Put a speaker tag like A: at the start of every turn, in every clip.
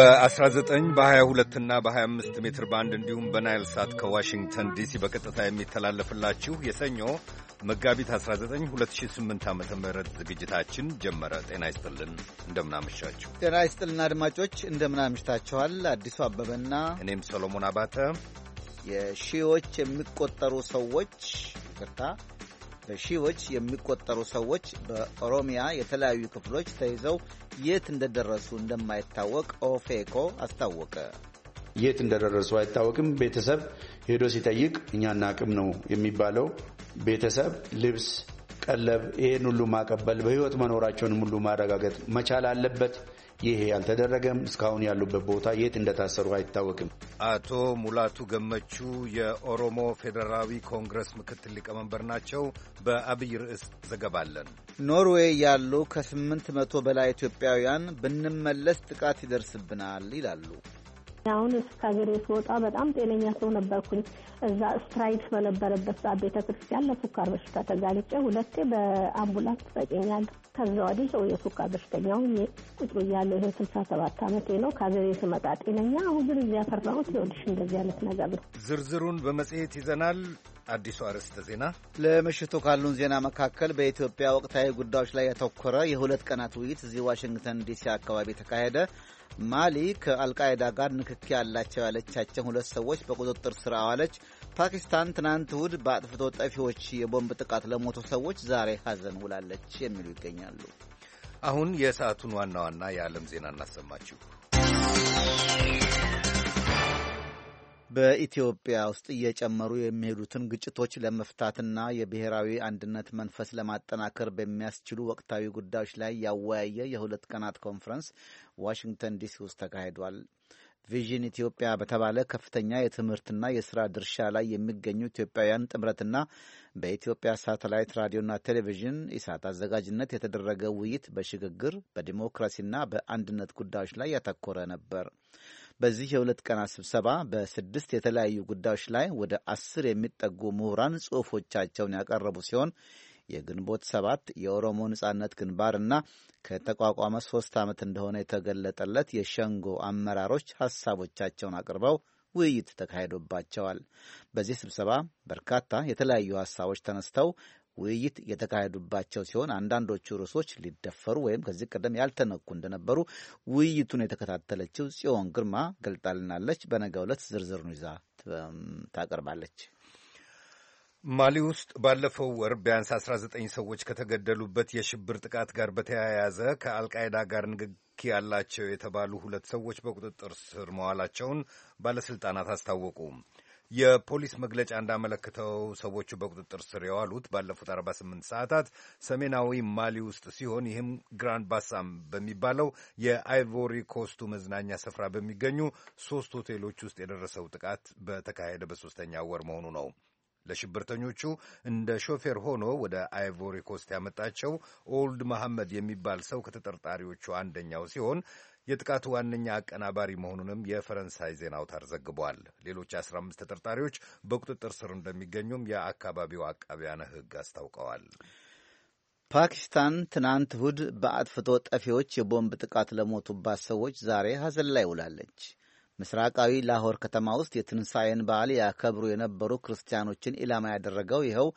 A: በ19 በ22 እና በ25 ሜትር ባንድ እንዲሁም በናይል ሳት ከዋሽንግተን ዲሲ በቀጥታ የሚተላለፍላችሁ የሰኞ መጋቢት 19 2008 ዓ ም ዝግጅታችን ጀመረ። ጤና ይስጥልን፣ እንደምናመሻችሁ።
B: ጤና ይስጥልን አድማጮች፣ እንደምናምሽታችኋል። አዲሱ አበበና እኔም ሰሎሞን አባተ የሺዎች የሚቆጠሩ ሰዎች ይቅርታ በሺዎች የሚቆጠሩ ሰዎች በኦሮሚያ የተለያዩ ክፍሎች ተይዘው የት እንደደረሱ እንደማይታወቅ ኦፌኮ አስታወቀ።
C: የት እንደደረሱ አይታወቅም። ቤተሰብ ሄዶ ሲጠይቅ እኛ አቅም ነው የሚባለው። ቤተሰብ ልብስ፣ ቀለብ፣ ይህን ሁሉ ማቀበል በህይወት መኖራቸውንም ሁሉ ማረጋገጥ መቻል አለበት። ይሄ አልተደረገም። እስካሁን ያሉበት ቦታ የት እንደታሰሩ አይታወቅም።
A: አቶ ሙላቱ ገመቹ የኦሮሞ ፌዴራላዊ ኮንግረስ ምክትል ሊቀመንበር ናቸው። በአብይ ርዕስ ዘገባለን።
B: ኖርዌይ ያሉ ከስምንት መቶ በላይ ኢትዮጵያውያን ብንመለስ ጥቃት ይደርስብናል ይላሉ።
D: አሁን ከሀገሬ ስወጣ በጣም ጤነኛ ሰው ነበርኩኝ። እዛ ስትራይክ በነበረበት ሰዓት ቤተ ክርስቲያን ለሱካር በሽታ ተጋልጬ ሁለቴ በአምቡላንስ ተጠቅኛለሁ። ከዛ ወዲህ ሰው የሱካር በሽተኛው ቁጥሩ እያለሁ ይሄ ስልሳ ሰባት ዓመቴ ነው። ከሀገሬ ስመጣ ጤነኛ፣ አሁን ግን እዚህ ያፈራሁት ይኸውልሽ እንደዚህ አይነት ነገር ነው።
B: ዝርዝሩን በመጽሔት ይዘናል።
A: አዲሱ አርዕስተ ዜና
B: ለምሽቱ ካሉን ዜና መካከል በኢትዮጵያ ወቅታዊ ጉዳዮች ላይ ያተኮረ የሁለት ቀናት ውይይት እዚህ ዋሽንግተን ዲሲ አካባቢ ተካሄደ። ማሊ ከአልቃይዳ ጋር ንክኪ ያላቸው ያለቻቸው ሁለት ሰዎች በቁጥጥር ስር አዋለች። ፓኪስታን ትናንት እሁድ በአጥፍቶ ጠፊዎች የቦምብ ጥቃት ለሞቱ ሰዎች ዛሬ ሀዘን ውላለች የሚሉ ይገኛሉ። አሁን የሰዓቱን ዋና ዋና የዓለም ዜና እናሰማችሁ። በኢትዮጵያ ውስጥ እየጨመሩ የሚሄዱትን ግጭቶች ለመፍታትና የብሔራዊ አንድነት መንፈስ ለማጠናከር በሚያስችሉ ወቅታዊ ጉዳዮች ላይ ያወያየ የሁለት ቀናት ኮንፈረንስ ዋሽንግተን ዲሲ ውስጥ ተካሂዷል። ቪዥን ኢትዮጵያ በተባለ ከፍተኛ የትምህርትና የስራ ድርሻ ላይ የሚገኙ ኢትዮጵያውያን ጥምረትና በኢትዮጵያ ሳተላይት ራዲዮና ቴሌቪዥን ኢሳት አዘጋጅነት የተደረገ ውይይት በሽግግር በዲሞክራሲና በአንድነት ጉዳዮች ላይ ያተኮረ ነበር። በዚህ የሁለት ቀናት ስብሰባ በስድስት የተለያዩ ጉዳዮች ላይ ወደ አስር የሚጠጉ ምሁራን ጽሑፎቻቸውን ያቀረቡ ሲሆን የግንቦት ሰባት የኦሮሞ ነጻነት ግንባርና ከተቋቋመ ሶስት ዓመት እንደሆነ የተገለጠለት የሸንጎ አመራሮች ሀሳቦቻቸውን አቅርበው ውይይት ተካሂዶባቸዋል። በዚህ ስብሰባ በርካታ የተለያዩ ሀሳቦች ተነስተው ውይይት የተካሄዱባቸው ሲሆን አንዳንዶቹ ርዕሶች ሊደፈሩ ወይም ከዚህ ቀደም ያልተነኩ እንደነበሩ ውይይቱን የተከታተለችው ጽዮን ግርማ ገልጣልናለች። በነገ ዕለት ዝርዝሩን ይዛ ታቀርባለች።
A: ማሊ ውስጥ ባለፈው ወር ቢያንስ 19 ሰዎች ከተገደሉበት የሽብር ጥቃት ጋር በተያያዘ ከአልቃይዳ ጋር ንግግ ያላቸው የተባሉ ሁለት ሰዎች በቁጥጥር ስር መዋላቸውን ባለሥልጣናት አስታወቁ። የፖሊስ መግለጫ እንዳመለከተው ሰዎቹ በቁጥጥር ስር የዋሉት ባለፉት 48 ሰዓታት ሰሜናዊ ማሊ ውስጥ ሲሆን ይህም ግራንድ ባሳም በሚባለው የአይቮሪ ኮስቱ መዝናኛ ስፍራ በሚገኙ ሶስት ሆቴሎች ውስጥ የደረሰው ጥቃት በተካሄደ በሶስተኛ ወር መሆኑ ነው። ለሽብርተኞቹ እንደ ሾፌር ሆኖ ወደ አይቮሪ ኮስት ያመጣቸው ኦልድ መሐመድ የሚባል ሰው ከተጠርጣሪዎቹ አንደኛው ሲሆን የጥቃቱ ዋነኛ አቀናባሪ መሆኑንም የፈረንሳይ ዜና አውታር ዘግቧል። ሌሎች 15 ተጠርጣሪዎች በቁጥጥር ስር እንደሚገኙም የአካባቢው አቃቢያነ ሕግ
B: አስታውቀዋል። ፓኪስታን ትናንት እሁድ በአጥፍቶ ጠፊዎች የቦምብ ጥቃት ለሞቱባት ሰዎች ዛሬ ሐዘን ላይ ውላለች። ምስራቃዊ ላሆር ከተማ ውስጥ የትንሣኤን በዓል ያከብሩ የነበሩ ክርስቲያኖችን ኢላማ ያደረገው ይኸው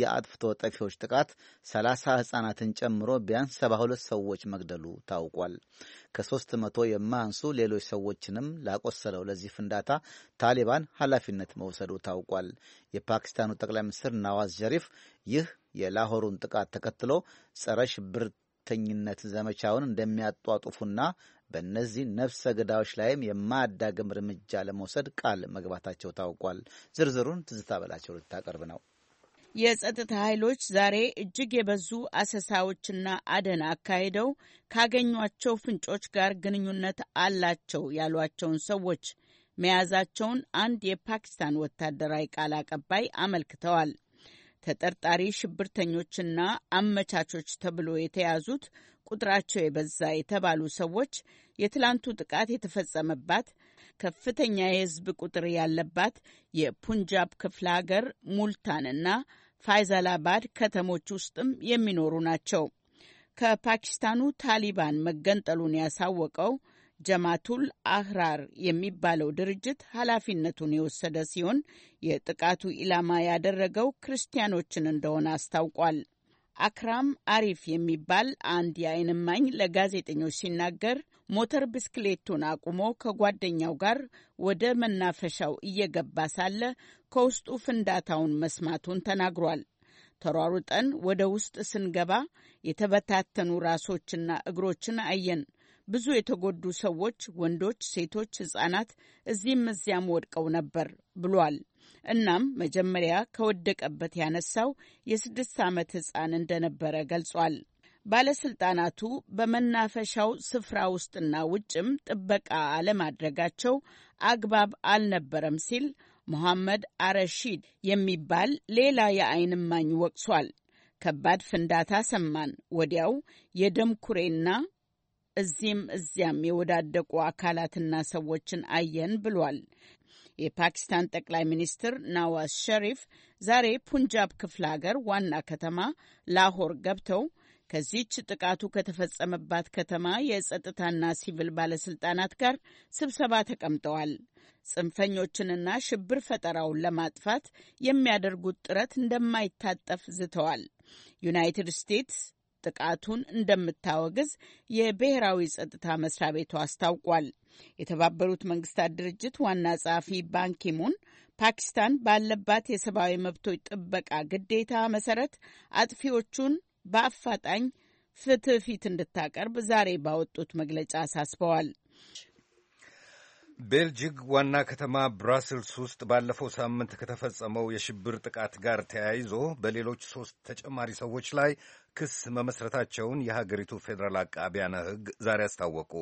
B: የአጥፍቶ ጠፊዎች ጥቃት 30 ሕፃናትን ጨምሮ ቢያንስ 72 ሰዎች መግደሉ ታውቋል። ከሦስት መቶ የማያንሱ ሌሎች ሰዎችንም ላቆሰለው ለዚህ ፍንዳታ ታሊባን ኃላፊነት መውሰዱ ታውቋል። የፓኪስታኑ ጠቅላይ ሚኒስትር ናዋዝ ሸሪፍ ይህ የላሆሩን ጥቃት ተከትሎ ጸረ ሽብርተኝነት ዘመቻውን እንደሚያጧጡፉና በእነዚህ ነፍሰ ገዳዮች ላይም የማያዳግም እርምጃ ለመውሰድ ቃል መግባታቸው ታውቋል። ዝርዝሩን ትዝታ በላቸው ልታቀርብ ነው።
E: የጸጥታ ኃይሎች ዛሬ እጅግ የበዙ አሰሳዎችና አደን አካሂደው ካገኟቸው ፍንጮች ጋር ግንኙነት አላቸው ያሏቸውን ሰዎች መያዛቸውን አንድ የፓኪስታን ወታደራዊ ቃል አቀባይ አመልክተዋል። ተጠርጣሪ ሽብርተኞችና አመቻቾች ተብሎ የተያዙት ቁጥራቸው የበዛ የተባሉ ሰዎች የትላንቱ ጥቃት የተፈጸመባት ከፍተኛ የሕዝብ ቁጥር ያለባት የፑንጃብ ክፍለ ሀገር ሙልታንና ፋይዛላባድ ከተሞች ውስጥም የሚኖሩ ናቸው። ከፓኪስታኑ ታሊባን መገንጠሉን ያሳወቀው ጀማቱል አህራር የሚባለው ድርጅት ኃላፊነቱን የወሰደ ሲሆን የጥቃቱ ኢላማ ያደረገው ክርስቲያኖችን እንደሆነ አስታውቋል። አክራም አሪፍ የሚባል አንድ የዓይን እማኝ ለጋዜጠኞች ሲናገር ሞተር ብስክሌቱን አቁሞ ከጓደኛው ጋር ወደ መናፈሻው እየገባ ሳለ ከውስጡ ፍንዳታውን መስማቱን ተናግሯል። ተሯሩጠን ወደ ውስጥ ስንገባ የተበታተኑ ራሶችና እግሮችን አየን። ብዙ የተጎዱ ሰዎች ወንዶች፣ ሴቶች፣ ህጻናት እዚህም እዚያም ወድቀው ነበር ብሏል። እናም መጀመሪያ ከወደቀበት ያነሳው የስድስት ዓመት ህጻን እንደነበረ ገልጿል። ባለስልጣናቱ በመናፈሻው ስፍራ ውስጥና ውጭም ጥበቃ አለማድረጋቸው አግባብ አልነበረም ሲል ሞሐመድ አረሺድ የሚባል ሌላ የአይን እማኝ ወቅሷል። ከባድ ፍንዳታ ሰማን። ወዲያው የደም ኩሬና እዚህም እዚያም የወዳደቁ አካላትና ሰዎችን አየን ብሏል። የፓኪስታን ጠቅላይ ሚኒስትር ናዋዝ ሸሪፍ ዛሬ ፑንጃብ ክፍለ ሀገር ዋና ከተማ ላሆር ገብተው ከዚህች ጥቃቱ ከተፈጸመባት ከተማ የጸጥታና ሲቪል ባለስልጣናት ጋር ስብሰባ ተቀምጠዋል። ጽንፈኞችንና ሽብር ፈጠራውን ለማጥፋት የሚያደርጉት ጥረት እንደማይታጠፍ ዝተዋል። ዩናይትድ ስቴትስ ጥቃቱን እንደምታወግዝ የብሔራዊ ጸጥታ መስሪያ ቤቱ አስታውቋል። የተባበሩት መንግስታት ድርጅት ዋና ጸሐፊ ባንኪሙን ፓኪስታን ባለባት የሰብአዊ መብቶች ጥበቃ ግዴታ መሰረት አጥፊዎቹን በአፋጣኝ ፍትህ ፊት እንድታቀርብ ዛሬ ባወጡት መግለጫ አሳስበዋል።
A: ቤልጅግ ዋና ከተማ ብራስልስ ውስጥ ባለፈው ሳምንት ከተፈጸመው የሽብር ጥቃት ጋር ተያይዞ በሌሎች ሦስት ተጨማሪ ሰዎች ላይ ክስ መመስረታቸውን የሀገሪቱ ፌዴራል አቃቢያነ ሕግ ዛሬ አስታወቁ።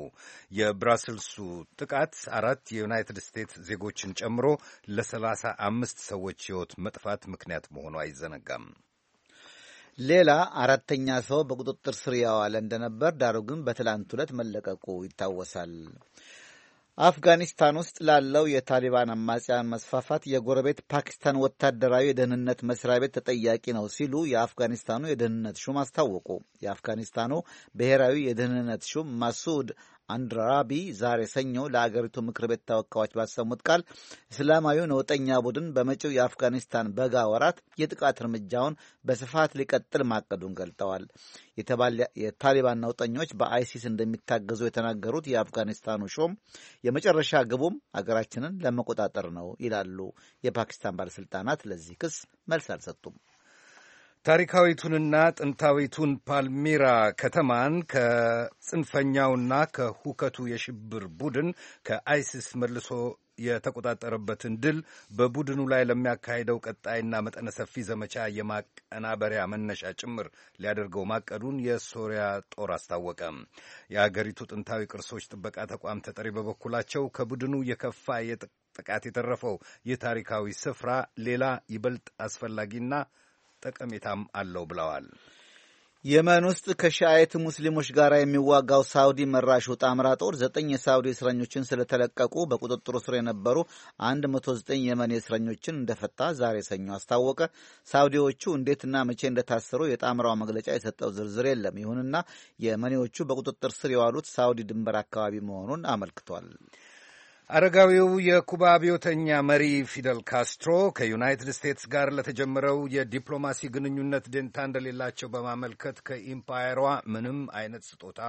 A: የብራስልሱ ጥቃት አራት የዩናይትድ ስቴትስ ዜጎችን ጨምሮ ለሰላሳ አምስት ሰዎች ሕይወት መጥፋት ምክንያት መሆኑ አይዘነጋም።
B: ሌላ አራተኛ ሰው በቁጥጥር ስር ያዋለ እንደነበር ዳሩ ግን በትላንት ዕለት መለቀቁ ይታወሳል። አፍጋኒስታን ውስጥ ላለው የታሊባን አማጽያን መስፋፋት የጎረቤት ፓኪስታን ወታደራዊ የደህንነት መስሪያ ቤት ተጠያቂ ነው ሲሉ የአፍጋኒስታኑ የደህንነት ሹም አስታወቁ። የአፍጋኒስታኑ ብሔራዊ የደህንነት ሹም ማሱድ አንድራቢ ዛሬ ሰኞ ለአገሪቱ ምክር ቤት ተወካዮች ባሰሙት ቃል እስላማዊ ነውጠኛ ቡድን በመጪው የአፍጋኒስታን በጋ ወራት የጥቃት እርምጃውን በስፋት ሊቀጥል ማቀዱን ገልጠዋል። የታሊባን ነውጠኞች በአይሲስ እንደሚታገዙ የተናገሩት የአፍጋኒስታኑ ሾም የመጨረሻ ግቡም አገራችንን ለመቆጣጠር ነው ይላሉ። የፓኪስታን ባለሥልጣናት ለዚህ ክስ መልስ አልሰጡም።
A: ታሪካዊቱንና ጥንታዊቱን ፓልሚራ ከተማን ከጽንፈኛውና ከሁከቱ የሽብር ቡድን ከአይሲስ መልሶ የተቆጣጠረበትን ድል በቡድኑ ላይ ለሚያካሂደው ቀጣይና መጠነ ሰፊ ዘመቻ የማቀናበሪያ መነሻ ጭምር ሊያደርገው ማቀዱን የሶሪያ ጦር አስታወቀ። የአገሪቱ ጥንታዊ ቅርሶች ጥበቃ ተቋም ተጠሪ በበኩላቸው ከቡድኑ የከፋ ጥቃት የተረፈው ይህ ታሪካዊ ስፍራ ሌላ ይበልጥ አስፈላጊና ጠቀሜታም አለው
B: ብለዋል። የመን ውስጥ ከሻይት ሙስሊሞች ጋር የሚዋጋው ሳውዲ መራሹ ጣምራ ጦር ዘጠኝ የሳውዲ እስረኞችን ስለተለቀቁ በቁጥጥሩ ስር የነበሩ 109 የመን እስረኞችን እንደፈታ ዛሬ ሰኞ አስታወቀ። ሳውዲዎቹ እንዴትና መቼ እንደታሰሩ የጣምራው መግለጫ የሰጠው ዝርዝር የለም። ይሁንና የመኔዎቹ በቁጥጥር ስር የዋሉት ሳውዲ ድንበር አካባቢ መሆኑን አመልክቷል። አረጋዊው የኩባ አብዮተኛ
A: መሪ ፊደል ካስትሮ ከዩናይትድ ስቴትስ ጋር ለተጀመረው የዲፕሎማሲ ግንኙነት ደንታ እንደሌላቸው በማመልከት ከኢምፓየሯ ምንም አይነት ስጦታ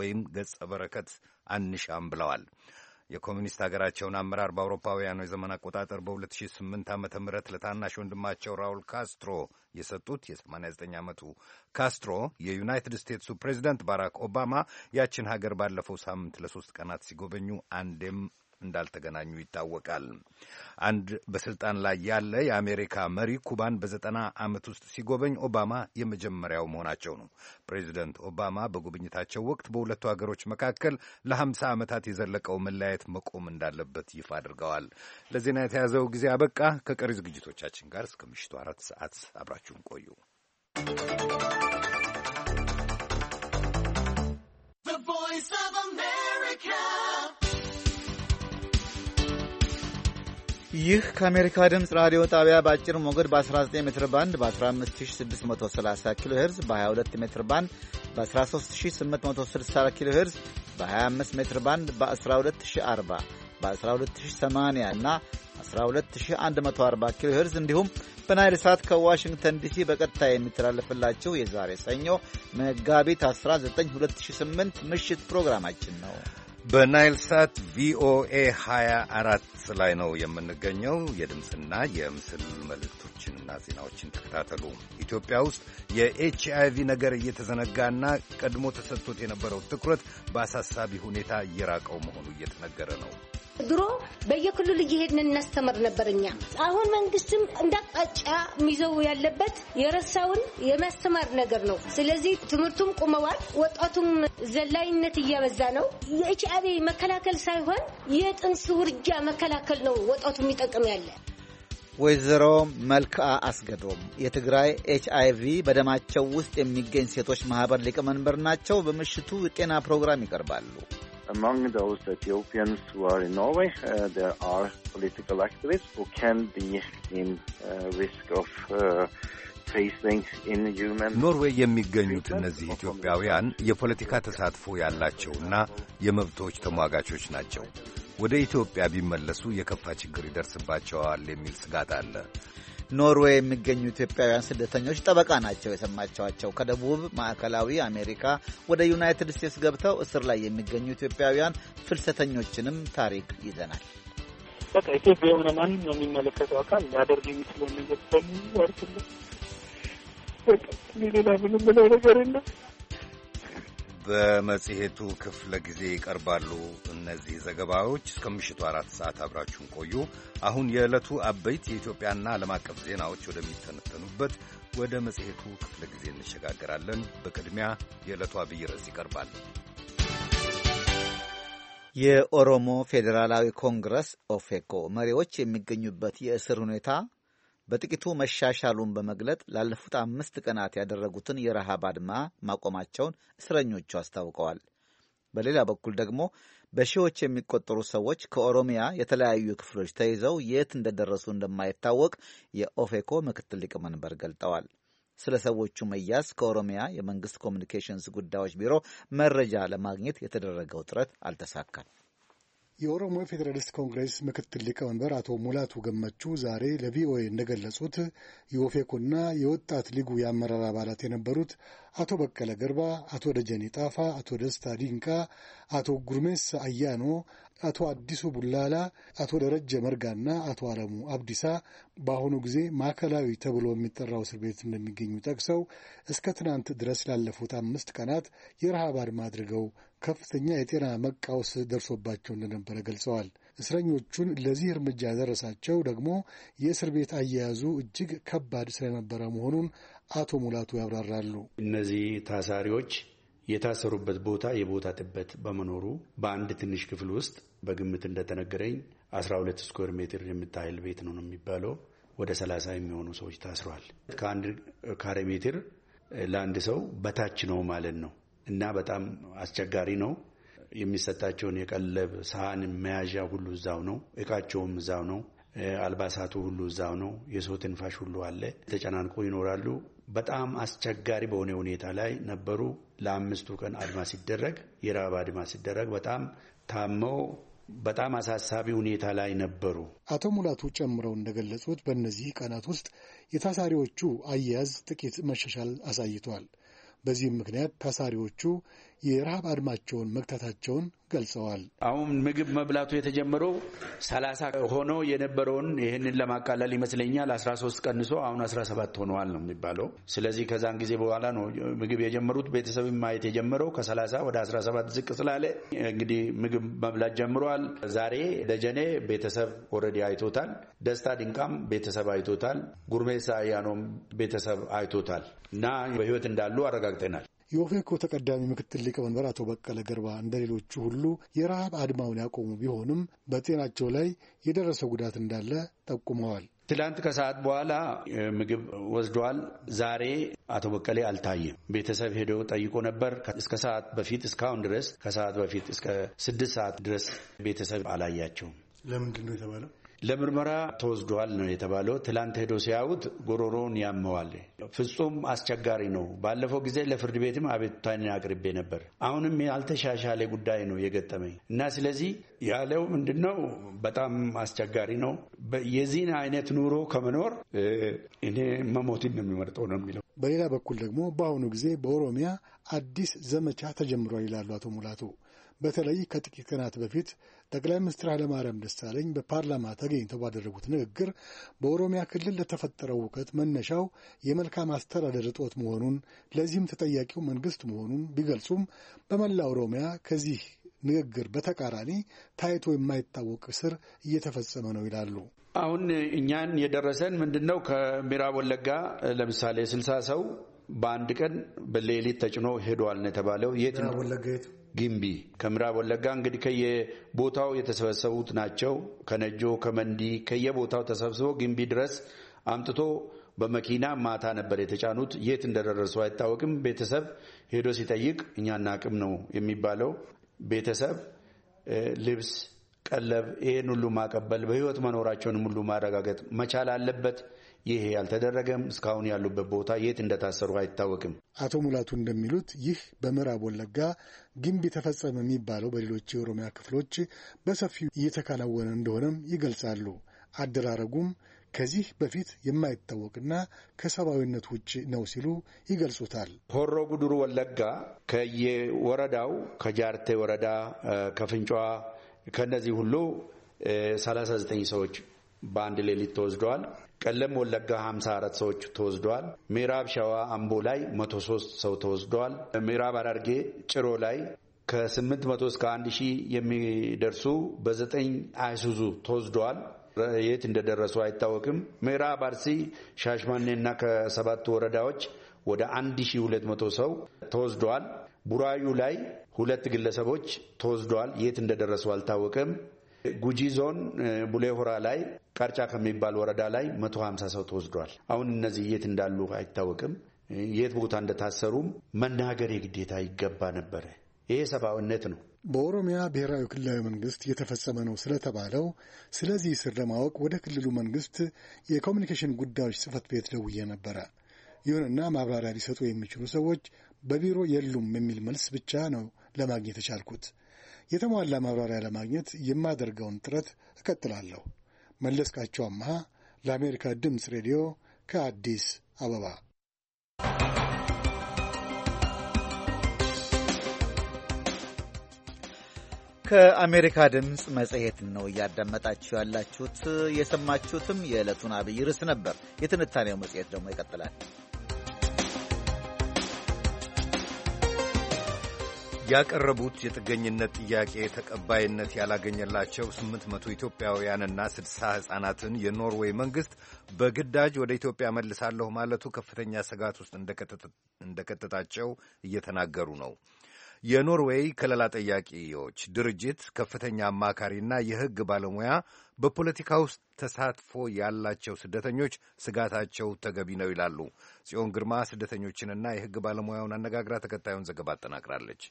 A: ወይም ገጸ በረከት አንሻም ብለዋል። የኮሚኒስት ሀገራቸውን አመራር በአውሮፓውያኑ የዘመን አቆጣጠር በ2008 ዓ ም ለታናሽ ወንድማቸው ራውል ካስትሮ የሰጡት የ89 ዓመቱ ካስትሮ የዩናይትድ ስቴትሱ ፕሬዚደንት ባራክ ኦባማ ያችን ሀገር ባለፈው ሳምንት ለሶስት ቀናት ሲጎበኙ አንዴም እንዳልተገናኙ ይታወቃል። አንድ በስልጣን ላይ ያለ የአሜሪካ መሪ ኩባን በዘጠና ዓመት ውስጥ ሲጎበኝ ኦባማ የመጀመሪያው መሆናቸው ነው። ፕሬዚደንት ኦባማ በጉብኝታቸው ወቅት በሁለቱ ሀገሮች መካከል ለሀምሳ ዓመታት የዘለቀው መለያየት መቆም እንዳለበት ይፋ አድርገዋል። ለዜና የተያዘው ጊዜ አበቃ። ከቀሪ ዝግጅቶቻችን ጋር እስከ ምሽቱ አራት ሰዓት አብራችሁን ቆዩ።
B: ይህ ከአሜሪካ ድምፅ ራዲዮ ጣቢያ በአጭር ሞገድ በ19 ሜትር ባንድ በ15630 ኪሎ ሄርዝ በ22 ሜትር ባንድ በ13860 ኪሎ ሄርዝ በ25 ሜትር ባንድ በ12040 በ12080 እና 12140 ኪሎ ሄርዝ እንዲሁም በናይል ሳት ከዋሽንግተን ዲሲ በቀጥታ የሚተላለፍላችሁ የዛሬ ሰኞ መጋቢት 19 2008 ምሽት ፕሮግራማችን ነው።
A: በናይል ሳት ቪኦኤ 24 ላይ ነው የምንገኘው። የድምፅና የምስል መልእክቶችንና ዜናዎችን ተከታተሉ። ኢትዮጵያ ውስጥ የኤችአይቪ ነገር እየተዘነጋና ቀድሞ ተሰጥቶት የነበረው ትኩረት በአሳሳቢ ሁኔታ እየራቀው መሆኑ እየተነገረ ነው።
F: ድሮ በየክልሉ እየሄድን እናስተምር ነበር እኛ። አሁን መንግስትም እንዳቅጣጫ ሚዘው ያለበት የረሳውን የማስተማር ነገር ነው። ስለዚህ ትምህርቱም ቁመዋል። ወጣቱም ዘላይነት እያበዛ ነው። የኤች አይ ቪ መከላከል ሳይሆን የጥንስ ውርጃ መከላከል ነው ወጣቱ የሚጠቅም ያለ።
B: ወይዘሮ መልክአ አስገዶም የትግራይ ኤች አይ ቪ በደማቸው ውስጥ የሚገኝ ሴቶች ማህበር ሊቀመንበር ናቸው። በምሽቱ የጤና ፕሮግራም ይቀርባሉ።
G: among those Ethiopians who are in Norway, uh, there are political activists who can be in uh, risk of uh,
A: ኖርዌይ የሚገኙት እነዚህ ኢትዮጵያውያን የፖለቲካ ተሳትፎ ያላቸውና የመብቶች ተሟጋቾች ናቸው። ወደ ኢትዮጵያ ቢመለሱ የከፋ ችግር ይደርስባቸዋል
B: የሚል ስጋት አለ። ኖርዌይ የሚገኙ ኢትዮጵያውያን ስደተኞች ጠበቃ ናቸው። የሰማቸዋቸው ከደቡብ ማዕከላዊ አሜሪካ ወደ ዩናይትድ ስቴትስ ገብተው እስር ላይ የሚገኙ ኢትዮጵያውያን ፍልሰተኞችንም ታሪክ ይዘናል።
G: በቃ ኢትዮጵያ የሆነ ማንም ነው የሚመለከተው አካል ሊያደርግ የሚችለው ነገር በሙሉ አርግለ በቃ ሌላ ምንም ብለው ነገር የለም።
A: በመጽሔቱ ክፍለ ጊዜ ይቀርባሉ እነዚህ ዘገባዎች። እስከ ምሽቱ አራት ሰዓት አብራችሁን ቆዩ። አሁን የዕለቱ አበይት የኢትዮጵያና ዓለም አቀፍ ዜናዎች ወደሚተነተኑበት ወደ መጽሔቱ ክፍለ ጊዜ እንሸጋገራለን። በቅድሚያ የዕለቱ አብይ ርዕስ ይቀርባል።
B: የኦሮሞ ፌዴራላዊ ኮንግረስ ኦፌኮ መሪዎች የሚገኙበት የእስር ሁኔታ በጥቂቱ መሻሻሉን በመግለጥ ላለፉት አምስት ቀናት ያደረጉትን የረሃብ አድማ ማቆማቸውን እስረኞቹ አስታውቀዋል። በሌላ በኩል ደግሞ በሺዎች የሚቆጠሩ ሰዎች ከኦሮሚያ የተለያዩ ክፍሎች ተይዘው የት እንደደረሱ እንደማይታወቅ የኦፌኮ ምክትል ሊቀመንበር ገልጠዋል። ስለ ሰዎቹ መያዝ ከኦሮሚያ የመንግስት ኮሚኒኬሽንስ ጉዳዮች ቢሮ መረጃ ለማግኘት የተደረገው ጥረት አልተሳካም።
H: የኦሮሞ ፌዴራሊስት ኮንግሬስ ምክትል ሊቀመንበር አቶ ሙላቱ ገመቹ ዛሬ ለቪኦኤ እንደገለጹት የኦፌኮና የወጣት ሊጉ የአመራር አባላት የነበሩት አቶ በቀለ ገርባ፣ አቶ ደጀኔ ጣፋ፣ አቶ ደስታ ዲንቃ፣ አቶ ጉርሜስ አያኖ፣ አቶ አዲሱ ቡላላ፣ አቶ ደረጀ መርጋና አቶ አለሙ አብዲሳ በአሁኑ ጊዜ ማዕከላዊ ተብሎ የሚጠራው እስር ቤት እንደሚገኙ ጠቅሰው እስከ ትናንት ድረስ ላለፉት አምስት ቀናት የረሃብ አድማ አድርገው ከፍተኛ የጤና መቃወስ ደርሶባቸው እንደነበረ ገልጸዋል። እስረኞቹን ለዚህ እርምጃ ያደረሳቸው ደግሞ የእስር ቤት አያያዙ እጅግ ከባድ ስለነበረ መሆኑን አቶ ሙላቱ ያብራራሉ።
C: እነዚህ ታሳሪዎች የታሰሩበት ቦታ የቦታ ጥበት በመኖሩ በአንድ ትንሽ ክፍል ውስጥ በግምት እንደተነገረኝ 12 ስኩዌር ሜትር የምታህል ቤት ነው ነው የሚባለው ወደ 30 የሚሆኑ ሰዎች ታስረዋል። ከአንድ ካሬ ሜትር ለአንድ ሰው በታች ነው ማለት ነው እና በጣም አስቸጋሪ ነው። የሚሰጣቸውን የቀለብ ሳህን መያዣ ሁሉ እዛው ነው። እቃቸውም እዛው ነው። አልባሳቱ ሁሉ እዛው ነው። የሰው ትንፋሽ ሁሉ አለ። ተጨናንቆ ይኖራሉ። በጣም አስቸጋሪ በሆነ ሁኔታ ላይ ነበሩ። ለአምስቱ ቀን አድማ ሲደረግ የረሃብ አድማ ሲደረግ በጣም ታመው በጣም አሳሳቢ ሁኔታ ላይ ነበሩ።
H: አቶ ሙላቱ ጨምረው እንደገለጹት በእነዚህ ቀናት ውስጥ የታሳሪዎቹ አያያዝ ጥቂት መሻሻል አሳይቷል። በዚህም ምክንያት ታሳሪዎቹ የረሃብ አድማቸውን መግታታቸውን ገልጸዋል።
C: አሁን ምግብ መብላቱ የተጀመረው ሰላሳ ሆኖ የነበረውን ይህንን ለማቃለል ይመስለኛል አስራ ሶስት ቀንሶ አሁን አስራ ሰባት ሆነዋል ነው የሚባለው። ስለዚህ ከዛን ጊዜ በኋላ ነው ምግብ የጀመሩት። ቤተሰብ ማየት የጀመረው ከሰላሳ ወደ አስራ ሰባት ዝቅ ስላለ እንግዲህ ምግብ መብላት ጀምረዋል። ዛሬ ደጀኔ ቤተሰብ ኦልሬዲ አይቶታል። ደስታ ድንቃም ቤተሰብ አይቶታል። ጉርሜሳ ያኖም ቤተሰብ አይቶታል እና በህይወት እንዳሉ አረጋግጠናል።
H: የኦፌኮ ተቀዳሚ ምክትል ሊቀመንበር አቶ በቀለ ገርባ እንደሌሎቹ ሁሉ የረሃብ አድማውን ያቆሙ ቢሆንም በጤናቸው ላይ የደረሰ ጉዳት እንዳለ ጠቁመዋል።
C: ትላንት ከሰዓት በኋላ ምግብ ወስዷል ዛሬ አቶ በቀሌ አልታየም። ቤተሰብ ሄዶ ጠይቆ ነበር። እስከ ሰዓት በፊት እስካሁን ድረስ ከሰዓት በፊት እስከ ስድስት ሰዓት ድረስ ቤተሰብ አላያቸውም።
H: ለምንድን ነው የተባለው?
C: ለምርመራ ተወስዷል ነው የተባለው። ትላንት ሄዶ ሲያዩት ጎሮሮን ያመዋል። ፍጹም አስቸጋሪ ነው። ባለፈው ጊዜ ለፍርድ ቤትም አቤቱታን አቅርቤ ነበር። አሁንም ያልተሻሻለ ጉዳይ ነው የገጠመኝ እና ስለዚህ ያለው ምንድነው በጣም አስቸጋሪ ነው። የዚህን አይነት ኑሮ ከመኖር እኔ መሞትን ነው የሚመርጠው ነው የሚለው።
H: በሌላ በኩል ደግሞ በአሁኑ ጊዜ በኦሮሚያ አዲስ ዘመቻ ተጀምሯል ይላሉ አቶ ሙላቱ። በተለይ ከጥቂት ቀናት በፊት ጠቅላይ ሚኒስትር ኃይለማርያም ደሳለኝ በፓርላማ ተገኝተው ባደረጉት ንግግር በኦሮሚያ ክልል ለተፈጠረው እውቀት መነሻው የመልካም አስተዳደር እጦት መሆኑን ለዚህም ተጠያቂው መንግስት መሆኑን ቢገልጹም በመላ ኦሮሚያ ከዚህ ንግግር በተቃራኒ ታይቶ የማይታወቅ እስር እየተፈጸመ ነው ይላሉ።
C: አሁን እኛን የደረሰን ምንድን ነው? ከምዕራብ ወለጋ ለምሳሌ ስልሳ ሰው በአንድ ቀን በሌሊት ተጭኖ ሄዷል ነው የተባለው። የት ነው? ግንቢ ከምዕራብ ወለጋ እንግዲህ ከየቦታው የተሰበሰቡት ናቸው። ከነጆ ከመንዲ ከየቦታው ተሰብስበው ግንቢ ድረስ አምጥቶ በመኪና ማታ ነበር የተጫኑት። የት እንደደረሱ አይታወቅም። ቤተሰብ ሄዶ ሲጠይቅ እኛ አቅም ነው የሚባለው። ቤተሰብ ልብስ፣ ቀለብ ይህን ሁሉ ማቀበል በህይወት መኖራቸውንም ሁሉ ማረጋገጥ መቻል አለበት። ይህ ያልተደረገም እስካሁን ያሉበት ቦታ የት እንደታሰሩ አይታወቅም።
H: አቶ ሙላቱ እንደሚሉት ይህ በምዕራብ ወለጋ ግንብ የተፈጸመ የሚባለው በሌሎች የኦሮሚያ ክፍሎች በሰፊው እየተከናወነ እንደሆነም ይገልጻሉ። አደራረጉም ከዚህ በፊት የማይታወቅና ከሰብአዊነት ውጭ ነው ሲሉ ይገልጹታል።
C: ሆሮ ጉዱሩ ወለጋ ከየወረዳው ከጃርቴ ወረዳ፣ ከፍንጫዋ ከነዚህ ሁሉ 39 ሰዎች በአንድ ሌሊት ተወስደዋል። ቀለም ወለጋ 54 ሰዎች ተወስደዋል። ምዕራብ ሸዋ አምቦ ላይ 103 ሰው ተወስደዋል። ምዕራብ አራርጌ ጭሮ ላይ ከ800 እስከ 1000 የሚደርሱ በዘጠኝ አይሱዙ ተወስደዋል። የት እንደደረሱ አይታወቅም። ምዕራብ አርሲ ሻሽማኔ እና ከሰባቱ ወረዳዎች ወደ 1200 ሰው ተወስደዋል። ቡራዩ ላይ ሁለት ግለሰቦች ተወስደዋል። የት እንደደረሱ አልታወቅም። ጉጂ ዞን ቡሌሆራ ላይ ቀርጫ ከሚባል ወረዳ ላይ መቶ ሰው ተወስዷል። አሁን እነዚህ የት እንዳሉ አይታወቅም። የት ቦታ እንደታሰሩም መናገር የግዴታ ይገባ ነበረ። ይሄ ሰብአዊነት ነው።
H: በኦሮሚያ ብሔራዊ ክልላዊ መንግስት የተፈጸመ ነው ስለተባለው ስለዚህ ስር ለማወቅ ወደ ክልሉ መንግስት የኮሚኒኬሽን ጉዳዮች ጽህፈት ቤት ደውዬ ነበረ። ይሁንና ማብራሪያ ሊሰጡ የሚችሉ ሰዎች በቢሮ የሉም የሚል መልስ ብቻ ነው ለማግኘት የቻልኩት። የተሟላ ማብራሪያ ለማግኘት የማደርገውን ጥረት እቀጥላለሁ። መለስካቸው አምሃ ለአሜሪካ ድምፅ ሬዲዮ ከአዲስ አበባ
B: ከአሜሪካ ድምፅ መጽሔት ነው እያዳመጣችሁ ያላችሁት። የሰማችሁትም የዕለቱን አብይ ርዕስ ነበር። የትንታኔው መጽሔት ደግሞ ይቀጥላል። ያቀረቡት የጥገኝነት
A: ጥያቄ ተቀባይነት ያላገኘላቸው 800 ኢትዮጵያውያንና 60 ሕፃናትን የኖርዌይ መንግሥት በግዳጅ ወደ ኢትዮጵያ መልሳለሁ ማለቱ ከፍተኛ ስጋት ውስጥ እንደከተታቸው እየተናገሩ ነው። የኖርዌይ ከለላ ጠያቂዎች ድርጅት ከፍተኛ አማካሪና የሕግ ባለሙያ በፖለቲካ ውስጥ ተሳትፎ ያላቸው ስደተኞች ስጋታቸው ተገቢ ነው ይላሉ። ጽዮን ግርማ ስደተኞችንና የሕግ ባለሙያውን አነጋግራ ተከታዩን ዘገባ አጠናቅራለች።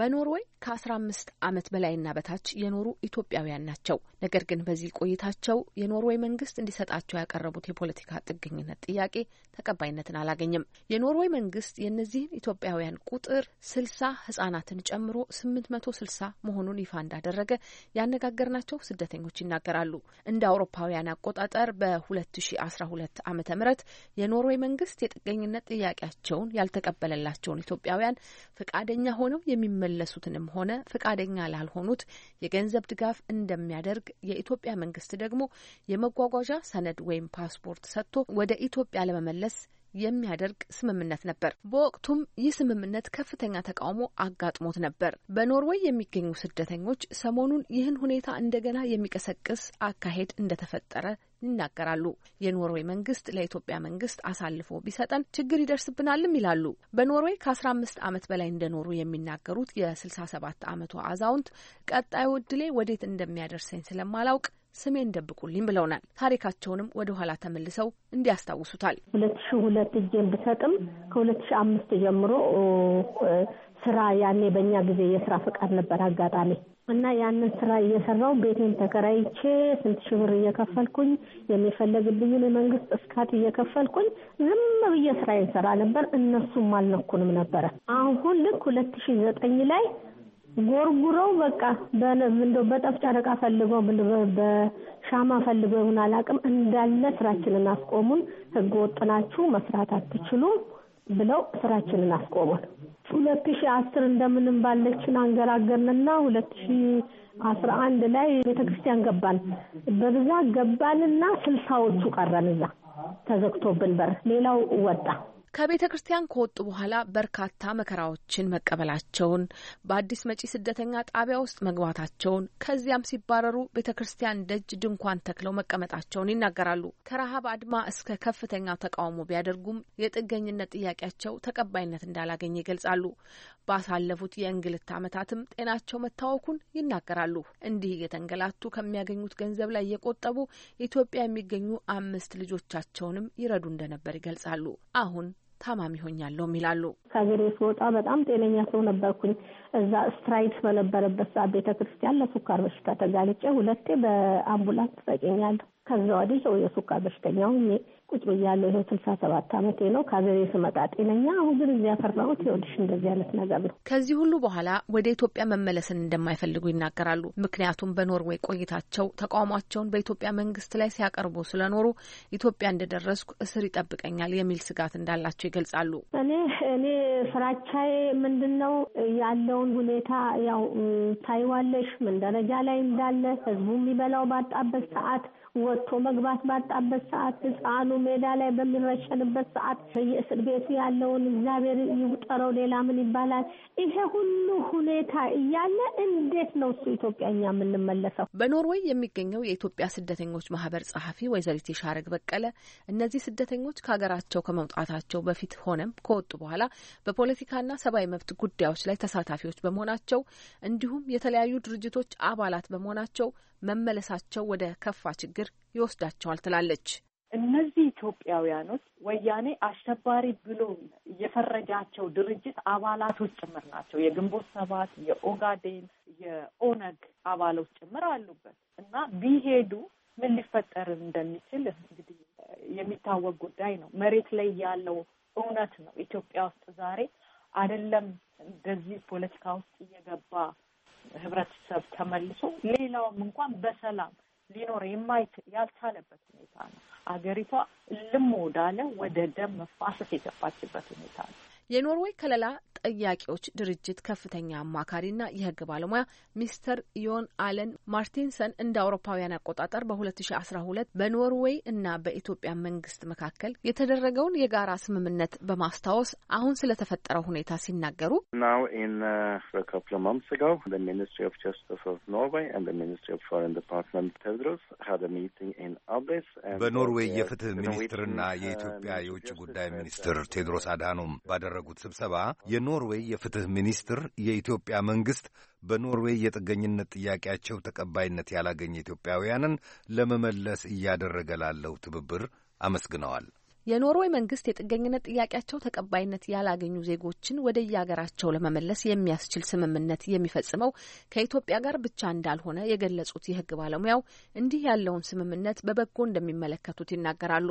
I: በኖርዌይ ከ15 ዓመት በላይና በታች የኖሩ ኢትዮጵያውያን ናቸው። ነገር ግን በዚህ ቆይታቸው የኖርዌይ መንግስት እንዲሰጣቸው ያቀረቡት የፖለቲካ ጥገኝነት ጥያቄ ተቀባይነትን አላገኘም። የኖርዌይ መንግስት የእነዚህን ኢትዮጵያውያን ቁጥር 60 ህጻናትን ጨምሮ 860 መሆኑን ይፋ እንዳደረገ ያነጋገርናቸው ስደተኞች ይናገራሉ። እንደ አውሮፓውያን አቆጣጠር በ2012 ዓ ም የኖርዌይ መንግስት የጥገኝነት ጥያቄያቸውን ያልተቀበለላቸውን ኢትዮጵያውያን ፈቃደኛ ሆነው የሚ ያልመለሱትንም ሆነ ፈቃደኛ ላልሆኑት የገንዘብ ድጋፍ እንደሚያደርግ፣ የኢትዮጵያ መንግስት ደግሞ የመጓጓዣ ሰነድ ወይም ፓስፖርት ሰጥቶ ወደ ኢትዮጵያ ለመመለስ የሚያደርግ ስምምነት ነበር። በወቅቱም ይህ ስምምነት ከፍተኛ ተቃውሞ አጋጥሞት ነበር። በኖርዌይ የሚገኙ ስደተኞች ሰሞኑን ይህን ሁኔታ እንደገና የሚቀሰቅስ አካሄድ እንደተፈጠረ ይናገራሉ። የኖርዌይ መንግስት ለኢትዮጵያ መንግስት አሳልፎ ቢሰጠን ችግር ይደርስብናልም ይላሉ። በኖርዌይ ከአስራ አምስት ዓመት በላይ እንደኖሩ የሚናገሩት የስልሳ ሰባት ዓመቱ አዛውንት ቀጣዩ እድሌ ወዴት እንደሚያደርሰኝ ስለማላውቅ ስሜን ደብቁልኝ ብለውናል። ታሪካቸውንም ወደ ኋላ ተመልሰው እንዲያስታውሱታል።
D: ሁለት ሺ ሁለት እጄን ብሰጥም ከሁለት ሺ አምስት ጀምሮ ስራ ያኔ በእኛ ጊዜ የስራ ፈቃድ ነበር አጋጣሚ እና ያንን ስራ እየሰራው ቤቴን ተከራይቼ ስንት ሽብር ብር እየከፈልኩኝ የሚፈለግብኝን የመንግስት እስካት እየከፈልኩኝ ዝም ብዬ ስራ ይሰራ ነበር። እነሱም አልነኩንም ነበረ። አሁን ልክ ሁለት ሺ ዘጠኝ ላይ ጎርጉረው በቃ እንደው በጠፍ ጨረቃ ፈልገው በሻማ ፈልገው ይሁን አላውቅም፣ እንዳለ ስራችንን አስቆሙን። ህገ ወጥ ናችሁ መስራት አትችሉም ብለው ስራችንን አስቆሙን። ሁለት ሺ አስር እንደምንም ባለችን አንገራገርንና ሁለት ሺ አስራ አንድ ላይ ቤተክርስቲያን ገባን። በዛ ገባንና ስልሳዎቹ ቀረን እዛ ተዘግቶብን በር ሌላው
I: ወጣ። ከቤተ ክርስቲያን ከወጡ በኋላ በርካታ መከራዎችን መቀበላቸውን፣ በአዲስ መጪ ስደተኛ ጣቢያ ውስጥ መግባታቸውን፣ ከዚያም ሲባረሩ ቤተ ክርስቲያን ደጅ ድንኳን ተክለው መቀመጣቸውን ይናገራሉ። ከረሃብ አድማ እስከ ከፍተኛ ተቃውሞ ቢያደርጉም የጥገኝነት ጥያቄያቸው ተቀባይነት እንዳላገኘ ይገልጻሉ። ባሳለፉት የእንግልት ዓመታትም ጤናቸው መታወኩን ይናገራሉ። እንዲህ እየተንገላቱ ከሚያገኙት ገንዘብ ላይ የቆጠቡ ኢትዮጵያ የሚገኙ አምስት ልጆቻቸውንም ይረዱ እንደነበር ይገልጻሉ። አሁን ታማሚ ሆኛለሁም ይላሉ።
D: ከቢሮ ስወጣ በጣም ጤነኛ ሰው ነበርኩኝ። እዛ ስትራይክ በነበረበት ሰዓት ቤተ ክርስቲያን ለሱካር በሽታ ተጋልጬ ሁለቴ በአምቡላንስ ተጠቀኛለሁ። ከዛ ወዲህ ሰው የሱኳር በሽተኛው ሁኜ ቁጭ ብያለሁ። ይኸው ስልሳ ሰባት ዓመቴ ነው። ከሀገሬ ስመጣ ጤነኛ፣ አሁን ግን እዚያ ያፈራሁት ይኸውልሽ እንደዚህ አይነት ነገር ነው።
I: ከዚህ ሁሉ በኋላ ወደ ኢትዮጵያ መመለስን እንደማይፈልጉ ይናገራሉ። ምክንያቱም በኖርዌይ ቆይታቸው ተቃውሟቸውን በኢትዮጵያ መንግስት ላይ ሲያቀርቡ ስለኖሩ ኢትዮጵያ እንደደረስኩ እስር ይጠብቀኛል የሚል ስጋት እንዳላቸው ይገልጻሉ።
D: እኔ እኔ ፍራቻዬ ምንድን ነው ያለውን ሁኔታ ያው ታይዋለሽ፣ ምን ደረጃ ላይ እንዳለ ህዝቡ የሚበላው ባጣበት ሰዓት ወጥቶ መግባት ባጣበት ሰዓት ህፃኑ ሜዳ ላይ በሚረሸንበት ሰዓት በየእስር ቤቱ ያለውን እግዚአብሔር ይውጠረው ሌላ ምን ይባላል? ይሄ ሁሉ ሁኔታ እያለ እንዴት
I: ነው እሱ ኢትዮጵያኛ የምንመለሰው? በኖርዌይ የሚገኘው የኢትዮጵያ ስደተኞች ማህበር ጸሐፊ ወይዘሪት የሻረግ በቀለ እነዚህ ስደተኞች ከሀገራቸው ከመውጣታቸው በፊት ሆነም ከወጡ በኋላ በፖለቲካና ሰብአዊ መብት ጉዳዮች ላይ ተሳታፊዎች በመሆናቸው እንዲሁም የተለያዩ ድርጅቶች አባላት በመሆናቸው መመለሳቸው ወደ ከፋ ችግር ሽግግር ይወስዳቸዋል ትላለች። እነዚህ ኢትዮጵያውያኖች ወያኔ አሸባሪ ብሎ የፈረጃቸው ድርጅት አባላቶች ጭምር ናቸው። የግንቦት ሰባት፣ የኦጋዴን፣ የኦነግ አባሎች ጭምር አሉበት እና ቢሄዱ ምን ሊፈጠር እንደሚችል እንግዲህ የሚታወቅ ጉዳይ ነው። መሬት ላይ ያለው እውነት ነው። ኢትዮጵያ ውስጥ ዛሬ አይደለም እንደዚህ ፖለቲካ ውስጥ እየገባ ህብረተሰብ
E: ተመልሶ ሌላውም እንኳን በሰላም ሊኖር የማይችል ያልቻለበት ሁኔታ ነው። አገሪቷ ልም ወዳለ ወደ ደም መፋሰስ የገባችበት ሁኔታ ነው።
I: የኖርዌይ ከለላ ጠያቂዎች ድርጅት ከፍተኛ አማካሪና የህግ ባለሙያ ሚስተር ዮን አለን ማርቲንሰን እንደ አውሮፓውያን አቆጣጠር በ2012 በኖርዌይ እና በኢትዮጵያ መንግስት መካከል የተደረገውን የጋራ ስምምነት በማስታወስ አሁን ስለተፈጠረው ሁኔታ ሲናገሩ
G: uh,
A: በኖርዌይ uh, የፍትህ ሚኒስትርና uh, የኢትዮጵያ የውጭ ጉዳይ ሚኒስትር ቴድሮስ አድሃኖም ባደረ ባደረጉት ስብሰባ የኖርዌይ የፍትህ ሚኒስትር የኢትዮጵያ መንግሥት በኖርዌይ የጥገኝነት ጥያቄያቸው ተቀባይነት ያላገኘ ኢትዮጵያውያንን ለመመለስ እያደረገ ላለው
I: ትብብር አመስግነዋል። የኖርዌይ መንግስት የጥገኝነት ጥያቄያቸው ተቀባይነት ያላገኙ ዜጎችን ወደ ለመመለስ የሚያስችል ስምምነት የሚፈጽመው ከኢትዮጵያ ጋር ብቻ እንዳልሆነ የገለጹት የህግ ባለሙያው እንዲህ ያለውን ስምምነት በበጎ እንደሚመለከቱት ይናገራሉ።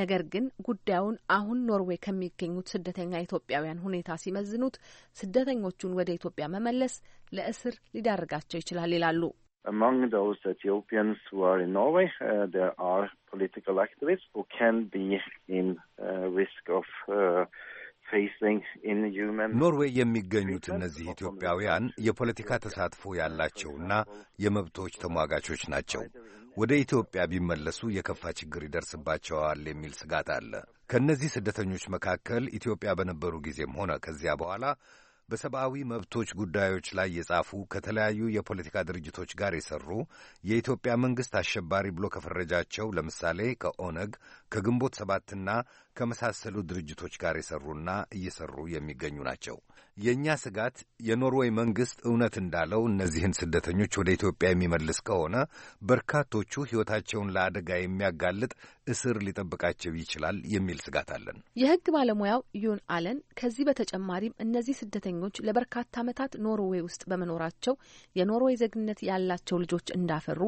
I: ነገር ግን ጉዳዩን አሁን ኖርዌይ ከሚገኙት ስደተኛ ኢትዮጵያውያን ሁኔታ ሲመዝኑት ስደተኞቹን ወደ ኢትዮጵያ መመለስ ለእስር ሊዳርጋቸው ይችላል ይላሉ።
G: Among those Ethiopians who are in Norway, uh, there are political activists who can be in uh, risk of uh,
A: ኖርዌይ የሚገኙት እነዚህ ኢትዮጵያውያን የፖለቲካ ተሳትፎ ያላቸውና የመብቶች ተሟጋቾች ናቸው። ወደ ኢትዮጵያ ቢመለሱ የከፋ ችግር ይደርስባቸዋል የሚል ስጋት አለ። ከእነዚህ ስደተኞች መካከል ኢትዮጵያ በነበሩ ጊዜም ሆነ ከዚያ በኋላ በሰብአዊ መብቶች ጉዳዮች ላይ የጻፉ ከተለያዩ የፖለቲካ ድርጅቶች ጋር የሰሩ የኢትዮጵያ መንግሥት አሸባሪ ብሎ ከፈረጃቸው ለምሳሌ ከኦነግ ከግንቦት ሰባትና ከመሳሰሉ ድርጅቶች ጋር የሰሩና እየሰሩ የሚገኙ ናቸው። የእኛ ስጋት የኖርዌይ መንግሥት እውነት እንዳለው እነዚህን ስደተኞች ወደ ኢትዮጵያ የሚመልስ ከሆነ በርካቶቹ ሕይወታቸውን ለአደጋ የሚያጋልጥ እስር ሊጠብቃቸው ይችላል የሚል ስጋት አለን።
I: የሕግ ባለሙያው ዩን አለን ከዚህ በተጨማሪም እነዚህ ስደተኞች ለበርካታ ዓመታት ኖርዌይ ውስጥ በመኖራቸው የኖርዌይ ዜግነት ያላቸው ልጆች እንዳፈሩ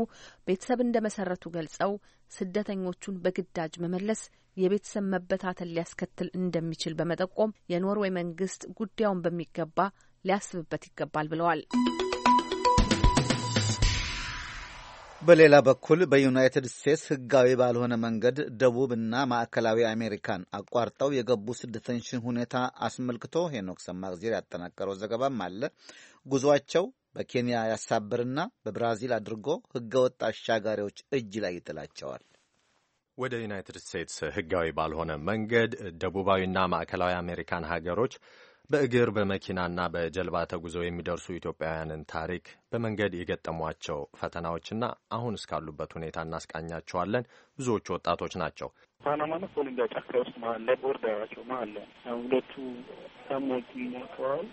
I: ቤተሰብ እንደመሰረቱ ገልጸው ስደተኞቹን በግዳጅ መመለስ የቤተሰብ መበታተል ሊያስከትል እንደሚችል በመጠቆም የኖርዌይ መንግስት ጉዳዩን በሚገባ ሊያስብበት ይገባል ብለዋል።
B: በሌላ በኩል በዩናይትድ ስቴትስ ሕጋዊ ባልሆነ መንገድ ደቡብ እና ማዕከላዊ አሜሪካን አቋርጠው የገቡ ስደተኞችን ሁኔታ አስመልክቶ ሄኖክ ሰማግዜር ያጠናቀረው ዘገባም አለ። ጉዟቸው በኬንያ ያሳብርና በብራዚል አድርጎ ህገወጥ አሻጋሪዎች እጅ ላይ ይጥላቸዋል።
J: ወደ ዩናይትድ ስቴትስ ህጋዊ ባልሆነ መንገድ ደቡባዊና ማዕከላዊ አሜሪካን ሀገሮች በእግር በመኪናና በጀልባ ተጉዘው የሚደርሱ ኢትዮጵያውያንን ታሪክ በመንገድ የገጠሟቸው ፈተናዎችና አሁን እስካሉበት ሁኔታ እናስቃኛቸዋለን። ብዙዎቹ ወጣቶች ናቸው።
G: ፓናማና ኮሎምቢያ ጫካ ውስጥ መሀል ላይ ቦርደራቸው መሀል ላይ ሁለቱ ሰሞች ሞተዋል።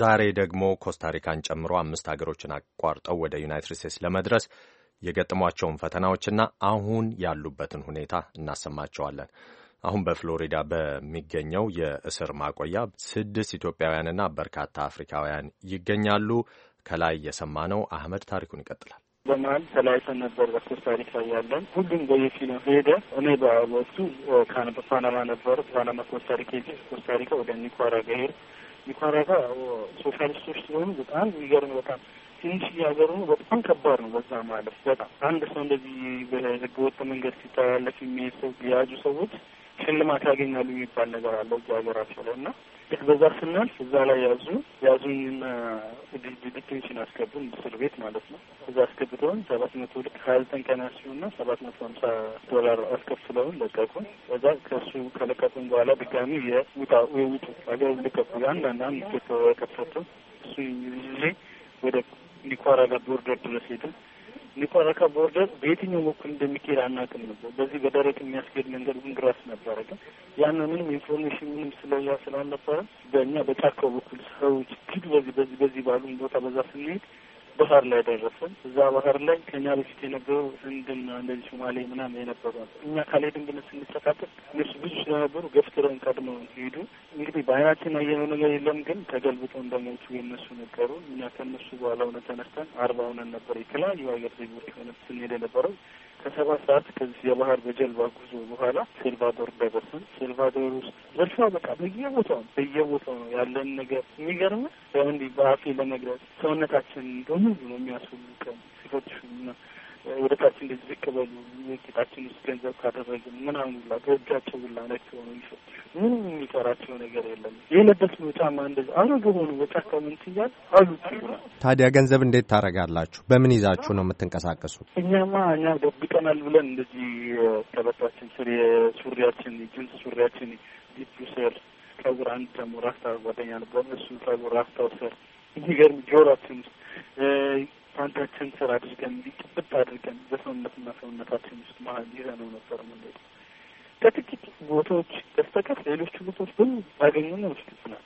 J: ዛሬ ደግሞ ኮስታሪካን ጨምሮ አምስት ሀገሮችን አቋርጠው ወደ ዩናይትድ ስቴትስ ለመድረስ የገጠሟቸውን ፈተናዎችና አሁን ያሉበትን ሁኔታ እናሰማቸዋለን። አሁን በፍሎሪዳ በሚገኘው የእስር ማቆያ ስድስት ኢትዮጵያውያንና በርካታ አፍሪካውያን ይገኛሉ። ከላይ የሰማነው አህመድ ታሪኩን ይቀጥላል።
G: በመሀል ተለያይተን ነበር። በተሽከርካሪ ላይ ያለን ሁሉም በየፊናው ሄደ። እኔ በወቅቱ ፓናማ ነበር። ፓናማ ኮስታሪካ ሄ ኮስታሪካ ወደ ኒኳራጋ ሄድ ኒኳራጋ ሶሻሊስቶች ስለሆኑ በጣም የሚገርም በጣም ትንሽ እያገሩ በጣም ከባድ ነው። በዛ ማለት በጣም አንድ ሰው እንደዚህ በህገወጥ መንገድ ሲተላለፍ የሚሄድ ሰው የያዙ ሰዎች ሽልማት ያገኛሉ የሚባል ነገር አለው እዚህ ሀገራቸው ላይ እና ልክ በዛ ስናልፍ እዛ ላይ ያዙ ያዙኝና ዲቴንሽን አስገቡን እስር ቤት ማለት ነው። እዛ አስገብተውን ሰባት መቶ ልክ ሀያ ዘጠኝ ቀን ያስዩና ሰባት መቶ ሀምሳ ዶላር አስከፍለውን ለቀቁን። እዛ ከሱ ከለቀቁን በኋላ ድጋሚ የውጣ የውጡ ሀገር ልቀቁ የአንዳንድ አንድ ሴቶ ከፈቱ እሱ ጊዜ ወደ ሊኳራ ጋር ቦርደር ድረስ ሄድን። ሊኳራ ጋር ቦርደር በየትኛው በኩል እንደሚካሄድ አናውቅም ነበር። በዚህ በደረቅ የሚያስገድ መንገድ ግን ግራስ ነበረ። ግን ያን ምንም ኢንፎርሜሽን ምንም ስለያ ስላልነበረ በእኛ በጫካው በኩል ሰዎች ግድ በዚህ በዚህ በዚህ ባሉን ቦታ በዛ ስንሄድ ባህር ላይ ደረስን። እዛ ባህር ላይ ከኛ በፊት የነበሩ ህንድና እንደዚህ ሶማሌ ምናምን የነበሩ እኛ ካልሄድን ግን ስንተካከል እነሱ ብዙ ስለነበሩ ገፍትረን ቀድመው ሄዱ። እንግዲህ በአይናችን ያየነው ነገር የለም ግን ተገልብጦ እንደሞቱ የነሱ ነገሩ። እኛ ከነሱ በኋላ ሆነ ተነስተን አርባ ሆነን ነበር የተለያዩ ሀገር ዜጎች ሆነ ስንሄደ ነበረው ከሰባት ሰዓት ከዚህ የባህር በጀልባ ጉዞ በኋላ ሴልቫዶር ደረስን። ሴልቫዶር ውስጥ መልሷ በቃ በየቦታው በየቦታው ነው ያለን ነገር የሚገርም ሰው እንዲህ በአፌ ለመግለጽ ሰውነታችን እንደሆነ ነው የሚያስፈልቀን ሴቶች ወደታችን እንደዚህ ዝቅ በሉ ጌታችን ውስጥ ገንዘብ ካደረግ ምናምን ላ በእጃቸው ሁላ ናቸው ነው የሚፈትሹ። ምንም የሚቀራቸው ነገር የለም። የለበስነው ጫማ እንደዚ አረገ ሆኑ በጫካ ምን ትያል አሉ።
J: ታዲያ ገንዘብ እንዴት ታደርጋላችሁ? በምን ይዛችሁ ነው የምትንቀሳቀሱት?
G: እኛማ እኛ ደብቀናል ብለን እንደዚህ ከበታችን ስር የሱሪያችን ጅንስ ሱሪያችን ዲፕ ስር ጸጉር አንድ ደግሞ ራስታ ጓደኛ ነበር እሱ ጸጉር ራስታው ስር የሚገርም ጆሮችን ፓንታችን ስራ አድርገን እንዲጥብጥ አድርገን በሰውነትና ሰውነታችን ውስጥ መሀል ይዘነው ነበር ምንሄድ ከጥቂት ቦታዎች በስተቀር ሌሎቹ ቦታዎች ብዙ ባገኙን ይወስዱብናል።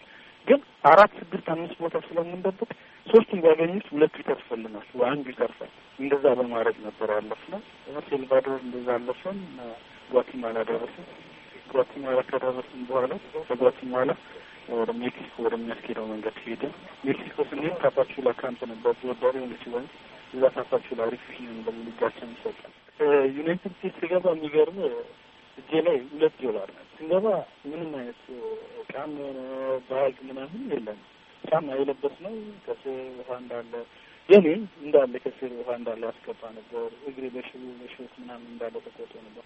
G: ግን አራት ስድስት አምስት ቦታ ስለምንደብቅ ሶስቱን ባገኙት ሁለቱ ይተርፈልናል፣ አንዱ ይተርፋል። እንደዛ በማድረግ ነበር ያለፍነው። ሴልቫዶር እንደዛ አለፈን፣ ጓቲማላ ደረስን። ጓቲማላ ከደረስን በኋላ ከጓቲማላ ወደ ሜክሲኮ ወደሚያስኬደው መንገድ ሄደ። ሜክሲኮ ስንሄድ ካፓቹላ ካምፕ ነበር። ዘወዳሪ ሆነ ሲሆን እዛ ካፓቹላ ሪፊውጂ በሚልጋቸው ይሰጣል። ዩናይትድ ስቴትስ ስገባ የሚገርም እጄ ላይ ሁለት ዶላር ነ ስንገባ ምንም አይነት የሆነ ባህግ ምናምን የለም። ጫማ የለበስ ነው። ከስር ውሃ እንዳለ የኔ እንዳለ ከስር ውሃ እንዳለ አስገባ ነበር። እግሬ በሽቦ በሽቦት ምናምን እንዳለ ተቆጦ ነበር።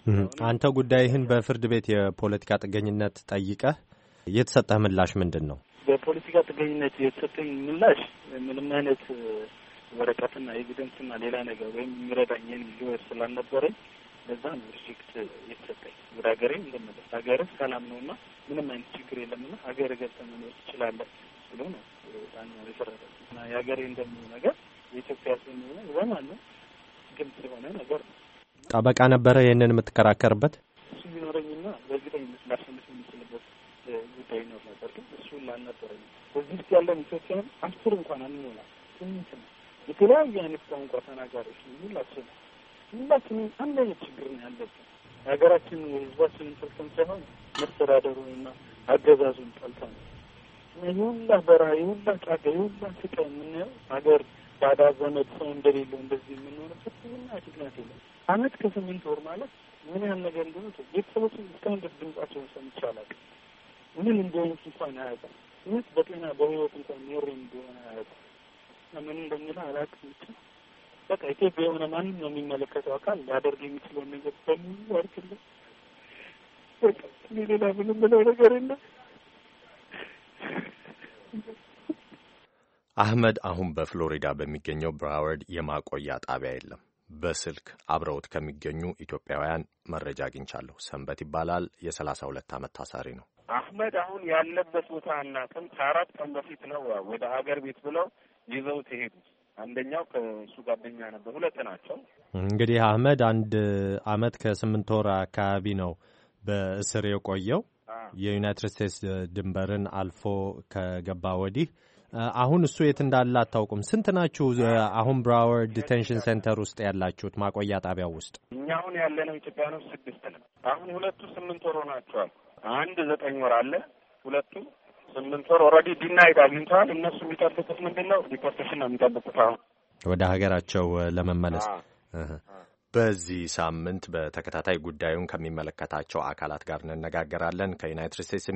J: አንተ ጉዳይህን በፍርድ ቤት የፖለቲካ ጥገኝነት ጠይቀህ የተሰጠህ ምላሽ ምንድን ነው?
G: በፖለቲካ ጥገኝነት የተሰጠኝ ምላሽ ምንም አይነት ወረቀትና ኤቪደንስና ሌላ ነገር ወይም የሚረዳኝ ሊወር ስላልነበረኝ ለዛ ነው ሪጀክት የተሰጠኝ። ወደ ሀገሬ እንደመለስ ሀገር ሰላም ነው እና ምንም አይነት ችግር የለምና ሀገር ገብተህ መኖር ትችላለህ ብሎ ነው ዳኛ የፈረደው እና የሀገሬ እንደሚሆ ነገር የኢትዮጵያ ሕዝብ የሚሆነ ዘማን ነው ግልጽ የሆነ ነገር ነው።
J: ጠበቃ ነበረ ይህንን የምትከራከርበት
G: እሱ ቢኖረኝና በእርግጠኝነት ላሽ በይኖር ነበር። ግን እሱን ላልነበረኝ በዚህ ውስጥ ያለ ኢትዮጵያም አስር እንኳን አንሞላ ስምንት ነው። የተለያዩ አይነት ቋንቋ ተናጋሪዎች ሁላችን ሁላችንም አንድ አይነት ችግር ነው ያለብን። የሀገራችንን የህዝባችንን ጠልተን ሳይሆን መስተዳደሩንና አገዛዙን ጠልተን ነው። የሁላ በረሃ የሁላ ጫጋ የሁላ ስቃይ የምናየው ሀገር ባዳ ዘመድ ሰው እንደሌለው እንደዚህ የምንሆነበት ምና ምክንያት የለም። አመት ከስምንት ወር ማለት ምን ያህል ነገር እንደሆነ ቤተሰቦች እስካሁን ድረስ ድምጻቸውን ሰምቼ አላውቅም። ምን እንደሆኑት እንኳን አያውቅም። እውነት በጤና በህይወት እንኳን ኖሮ እንደሆነ አያውቅም። ምን እንደሚለው አላውቅም። ብቻ በቃ ኢትዮጵያ የሆነ ማንም ነው የሚመለከተው አካል ሊያደርግ የሚችለውን ነገር በሙሉ አድርግልን። በቃ ሌላ ምንም ምለው ነገር የለም።
J: አህመድ አሁን በፍሎሪዳ በሚገኘው ብራወርድ የማቆያ ጣቢያ የለም። በስልክ አብረውት ከሚገኙ ኢትዮጵያውያን መረጃ አግኝቻለሁ። ሰንበት ይባላል። የሰላሳ ሁለት ዓመት ታሳሪ ነው።
G: አህመድ አሁን ያለበት ቦታ አናውቅም። ከአራት ቀን በፊት ነው ወደ ሀገር ቤት ብለው ይዘውት የሄዱት። አንደኛው ከእሱ ጓደኛ ነበር፣ ሁለት ናቸው።
J: እንግዲህ አህመድ አንድ አመት ከስምንት ወር አካባቢ ነው በእስር የቆየው የዩናይትድ ስቴትስ ድንበርን አልፎ ከገባ ወዲህ። አሁን እሱ የት እንዳለ አታውቁም? ስንት ናችሁ አሁን ብራወር ዲቴንሽን ሴንተር ውስጥ ያላችሁት ማቆያ ጣቢያው ውስጥ?
G: እኛ አሁን ያለነው ኢትዮጵያኖች ስድስት ነው። አሁን ሁለቱ ስምንት ወር ሆናቸዋል። አንድ ዘጠኝ ወር አለ፣ ሁለቱ ስምንት ወር ኦልሬዲ ዲናይት አግኝተዋል። እነሱ የሚጠብቁት ምንድን ነው? ዲፖርቴሽን ነው የሚጠብቁት አሁን
J: ወደ ሀገራቸው ለመመለስ። በዚህ ሳምንት በተከታታይ ጉዳዩን ከሚመለከታቸው አካላት ጋር እንነጋገራለን ከዩናይትድ ስቴትስ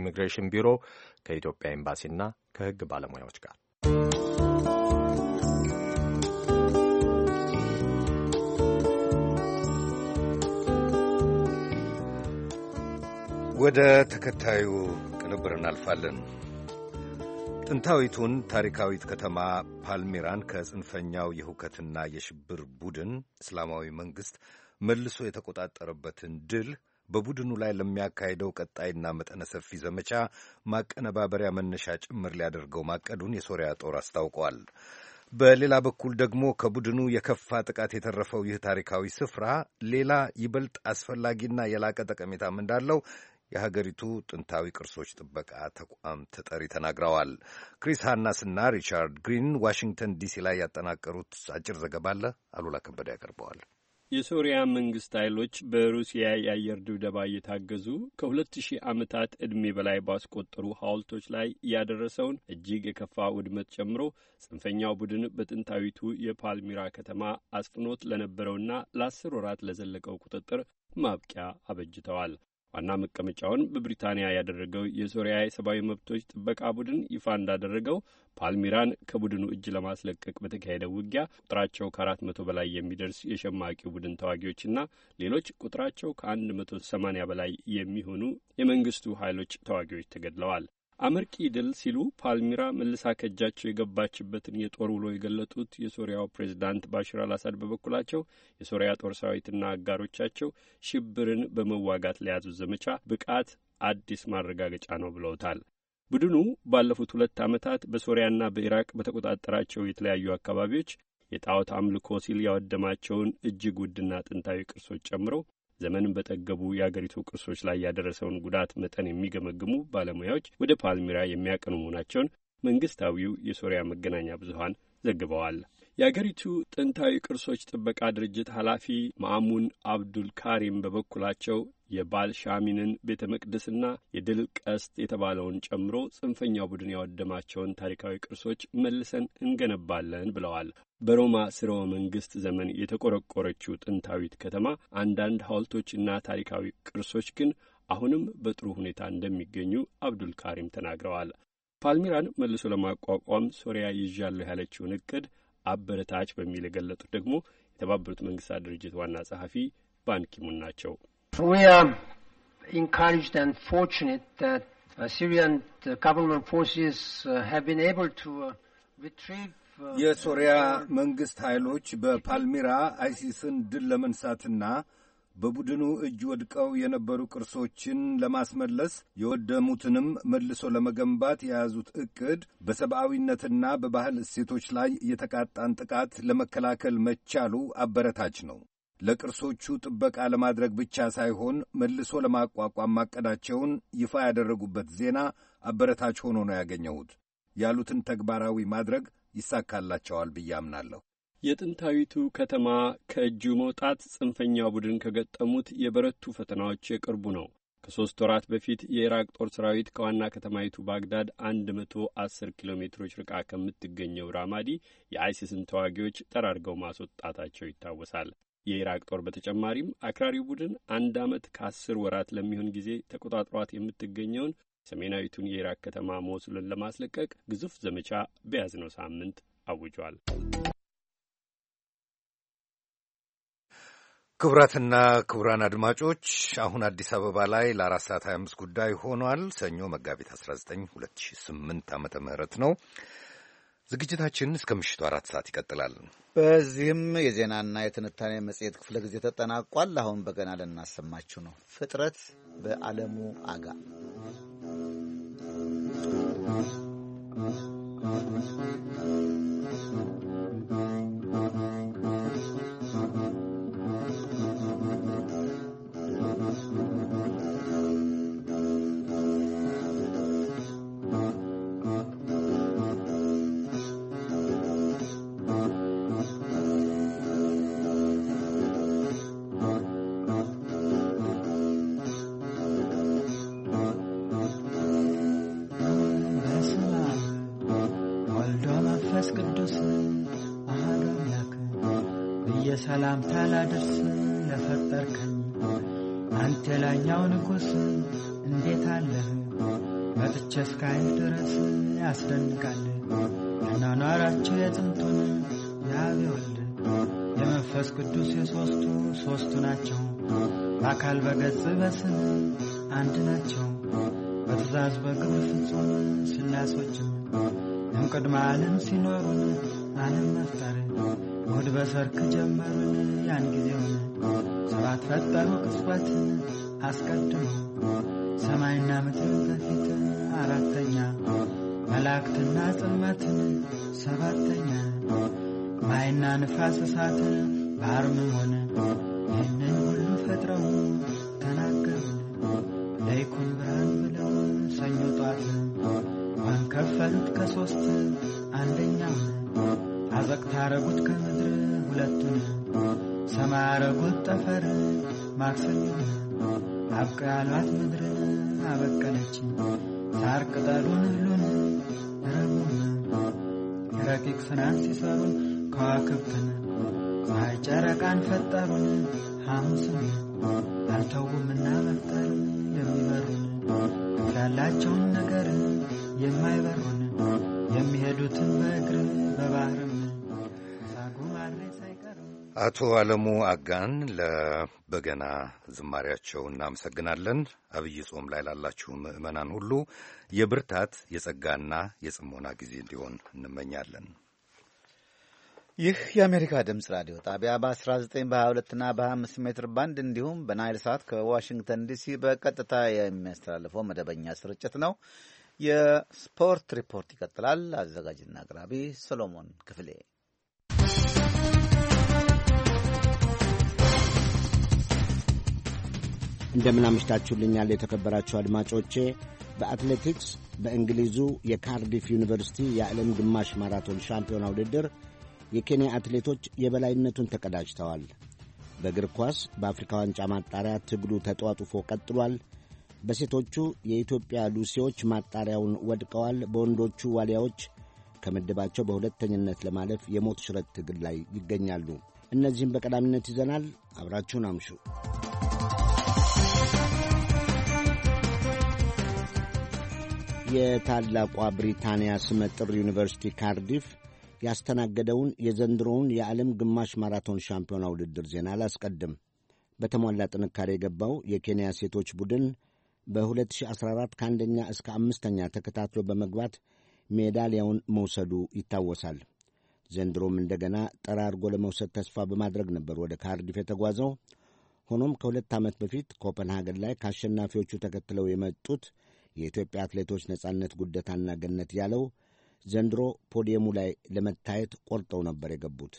J: ኢሚግሬሽን ቢሮ፣ ከኢትዮጵያ ኤምባሲና ከሕግ ባለሙያዎች ጋር
A: ወደ ተከታዩ ቅንብር እናልፋለን። ጥንታዊቱን ታሪካዊት ከተማ ፓልሚራን ከጽንፈኛው የሁከትና የሽብር ቡድን እስላማዊ መንግሥት መልሶ የተቆጣጠረበትን ድል በቡድኑ ላይ ለሚያካሄደው ቀጣይና መጠነ ሰፊ ዘመቻ ማቀነባበሪያ መነሻ ጭምር ሊያደርገው ማቀዱን የሶሪያ ጦር አስታውቋል። በሌላ በኩል ደግሞ ከቡድኑ የከፋ ጥቃት የተረፈው ይህ ታሪካዊ ስፍራ ሌላ ይበልጥ አስፈላጊና የላቀ ጠቀሜታም እንዳለው የሀገሪቱ ጥንታዊ ቅርሶች ጥበቃ ተቋም ተጠሪ ተናግረዋል። ክሪስ ሃናስና ሪቻርድ ግሪን ዋሽንግተን ዲሲ ላይ ያጠናቀሩት አጭር ዘገባ አለ። አሉላ ከበደ
K: ያቀርበዋል። የሶሪያ መንግስት ኃይሎች በሩሲያ የአየር ድብደባ እየታገዙ ከሁለት ሺህ ዓመታት ዕድሜ በላይ ባስቆጠሩ ሐውልቶች ላይ ያደረሰውን እጅግ የከፋ ውድመት ጨምሮ ጽንፈኛው ቡድን በጥንታዊቱ የፓልሚራ ከተማ አስፍኖት ለነበረውና ለአስር ወራት ለዘለቀው ቁጥጥር ማብቂያ አበጅተዋል። ዋና መቀመጫውን በብሪታንያ ያደረገው የሶሪያ የሰብአዊ መብቶች ጥበቃ ቡድን ይፋ እንዳደረገው ፓልሚራን ከቡድኑ እጅ ለማስለቀቅ በተካሄደው ውጊያ ቁጥራቸው ከአራት መቶ በላይ የሚደርስ የሸማቂ ቡድን ተዋጊዎችና ሌሎች ቁጥራቸው ከአንድ መቶ ሰማኒያ በላይ የሚሆኑ የመንግስቱ ኃይሎች ተዋጊዎች ተገድለዋል። አመርቂ ድል ሲሉ ፓልሚራ መልሳ ከእጃቸው የገባችበትን የጦር ውሎ የገለጡት የሶሪያው ፕሬዚዳንት ባሽር አልአሳድ በበኩላቸው የሶሪያ ጦር ሰራዊትና አጋሮቻቸው ሽብርን በመዋጋት ለያዙት ዘመቻ ብቃት አዲስ ማረጋገጫ ነው ብለውታል። ቡድኑ ባለፉት ሁለት ዓመታት በሶሪያና በኢራቅ በተቆጣጠራቸው የተለያዩ አካባቢዎች የጣዖት አምልኮ ሲል ያወደማቸውን እጅግ ውድና ጥንታዊ ቅርሶች ጨምሮ ዘመንን በጠገቡ የአገሪቱ ቅርሶች ላይ ያደረሰውን ጉዳት መጠን የሚገመግሙ ባለሙያዎች ወደ ፓልሚራ የሚያቀኑ መሆናቸውን መንግስታዊው የሶሪያ መገናኛ ብዙኃን ዘግበዋል። የአገሪቱ ጥንታዊ ቅርሶች ጥበቃ ድርጅት ኃላፊ አብዱል አብዱልካሪም በበኩላቸው የባልሻሚንን ቤተ መቅደስና የድል ቀስት የተባለውን ጨምሮ ጽንፈኛው ቡድን ያወደማቸውን ታሪካዊ ቅርሶች መልሰን እንገነባለን ብለዋል። በሮማ ስርወ መንግስት ዘመን የተቆረቆረችው ጥንታዊት ከተማ አንዳንድ ሐውልቶችና ታሪካዊ ቅርሶች ግን አሁንም በጥሩ ሁኔታ እንደሚገኙ አብዱል ካሪም ተናግረዋል። ፓልሚራን መልሶ ለማቋቋም ሶሪያ ይዣለሁ ያለችውን እቅድ አበረታች በሚል የገለጡት ደግሞ የተባበሩት መንግስታት ድርጅት ዋና ጸሐፊ ባንኪሙን ናቸው። We are encouraged and fortunate that uh, Syrian uh, government forces uh, have been able
H: to
L: retrieve
A: የሶሪያ መንግስት ኃይሎች በፓልሚራ አይሲስን ድል ለመንሳትና በቡድኑ እጅ ወድቀው የነበሩ ቅርሶችን ለማስመለስ የወደሙትንም መልሶ ለመገንባት የያዙት እቅድ በሰብአዊነትና በባህል እሴቶች ላይ የተቃጣን ጥቃት ለመከላከል መቻሉ አበረታች ነው። ለቅርሶቹ ጥበቃ ለማድረግ ብቻ ሳይሆን መልሶ ለማቋቋም ማቀዳቸውን ይፋ ያደረጉበት ዜና አበረታች ሆኖ ነው ያገኘሁት። ያሉትን ተግባራዊ ማድረግ ይሳካላቸዋል ብዬ አምናለሁ።
K: የጥንታዊቱ ከተማ ከእጁ መውጣት ጽንፈኛው ቡድን ከገጠሙት የበረቱ ፈተናዎች የቅርቡ ነው። ከሦስት ወራት በፊት የኢራቅ ጦር ሰራዊት ከዋና ከተማይቱ ባግዳድ 110 ኪሎ ሜትሮች ርቃ ከምትገኘው ራማዲ የአይሲስን ተዋጊዎች ጠራርገው ማስወጣታቸው ይታወሳል። የኢራቅ ጦር በተጨማሪም አክራሪው ቡድን አንድ ዓመት ከአስር ወራት ለሚሆን ጊዜ ተቆጣጥሯት የምትገኘውን ሰሜናዊቱን የኢራቅ ከተማ ሞሱልን ለማስለቀቅ ግዙፍ ዘመቻ በያዝነው ሳምንት አውጇል።
A: ክቡራትና ክቡራን አድማጮች አሁን አዲስ አበባ ላይ ለአራት ሰዓት 25 ጉዳይ ሆኗል። ሰኞ መጋቢት 19 2008 ዓ ምህረት ነው። ዝግጅታችን እስከ ምሽቱ አራት ሰዓት ይቀጥላል።
B: በዚህም የዜናና የትንታኔ መጽሔት ክፍለ ጊዜ ተጠናቋል። አሁን በገና ልናሰማችሁ ነው። ፍጥረት በዓለሙ አጋ
L: ሰላምታ ላደርስ ለፈጠርከ አንተ ላኛው ንጉሥ እንዴት አለህ? መጥቼ እስካይ ድረስ ያስደንቃል እናኗራቸው የጥንቱን የአብ ወልድ የመንፈስ ቅዱስ የሦስቱ ሦስቱ ናቸው። በአካል በገጽ በስም አንድ ናቸው። በትእዛዝ በግብር ፍጹም ሥላሶችም እምቅድመ ዓለም ሲኖሩን ዓለም መፍጠር ሆድ በሰርክ ጀመር ያን ጊዜውን ሰባት ፈጠሩ ቅጽበት አስቀድሞ ሰማይና ምድር በፊት አራተኛ መላእክትና ጥመት ሰባተኛ ማይና ንፋስ እሳት ባህርም ሆነ ይህንን ሁሉ ፈጥረው ተናገሩ ለይኩን ብርሃን ብለው ሰኞ ጧት ወን ከፈሉት ከሦስት አንደኛው አዘቅታ አረጉት ከምድር ሁለቱን ሰማይ አረጉት ጠፈር ማክሰል አብቃ ያሏት ምድርን አበቀለች ሳር ቅጠሉን ሁሉን ረቡን ረቂቅ ስራን ሲሰሩ ከዋክብትን ጨረቃን ፈጠሩን ሐሙስን አልተውምና መፍጠር የሚበሩን ያላቸውን ነገር የማይበሩን የሚሄዱትን በእግር በባህርም
A: አቶ አለሙ አጋን ለበገና ዝማሪያቸው እናመሰግናለን። አብይ ጾም ላይ ላላችሁ ምዕመናን ሁሉ የብርታት የጸጋና የጽሞና ጊዜ እንዲሆን
B: እንመኛለን። ይህ የአሜሪካ ድምፅ ራዲዮ ጣቢያ በ19 በ22ና በ25 ሜትር ባንድ እንዲሁም በናይል ሳት ከዋሽንግተን ዲሲ በቀጥታ የሚያስተላልፈው መደበኛ ስርጭት ነው። የስፖርት ሪፖርት ይቀጥላል። አዘጋጅና አቅራቢ ሰሎሞን ክፍሌ።
M: እንደምናምሽታችሁልኛል የተከበራችሁ አድማጮቼ። በአትሌቲክስ በእንግሊዙ የካርዲፍ ዩኒቨርሲቲ የዓለም ግማሽ ማራቶን ሻምፒዮና ውድድር የኬንያ አትሌቶች የበላይነቱን ተቀዳጅተዋል። በእግር ኳስ በአፍሪካ ዋንጫ ማጣሪያ ትግሉ ተጧጡፎ ቀጥሏል። በሴቶቹ የኢትዮጵያ ሉሲዎች ማጣሪያውን ወድቀዋል። በወንዶቹ ዋሊያዎች ከምድባቸው በሁለተኝነት ለማለፍ የሞት ሽረት ትግል ላይ ይገኛሉ። እነዚህም በቀዳሚነት ይዘናል። አብራችሁን አምሹ። የታላቋ ብሪታንያ ስመጥር ዩኒቨርሲቲ ካርዲፍ ያስተናገደውን የዘንድሮውን የዓለም ግማሽ ማራቶን ሻምፒዮና ውድድር ዜና አላስቀድም። በተሟላ ጥንካሬ የገባው የኬንያ ሴቶች ቡድን በ2014 ከአንደኛ እስከ አምስተኛ ተከታትሎ በመግባት ሜዳሊያውን መውሰዱ ይታወሳል። ዘንድሮም እንደገና ጠራርጎ ለመውሰድ ተስፋ በማድረግ ነበር ወደ ካርዲፍ የተጓዘው። ሆኖም ከሁለት ዓመት በፊት ኮፐንሃገን ላይ ከአሸናፊዎቹ ተከትለው የመጡት የኢትዮጵያ አትሌቶች ነጻነት ጉደታና ገነት ያለው ዘንድሮ ፖዲየሙ ላይ ለመታየት ቆርጠው ነበር የገቡት።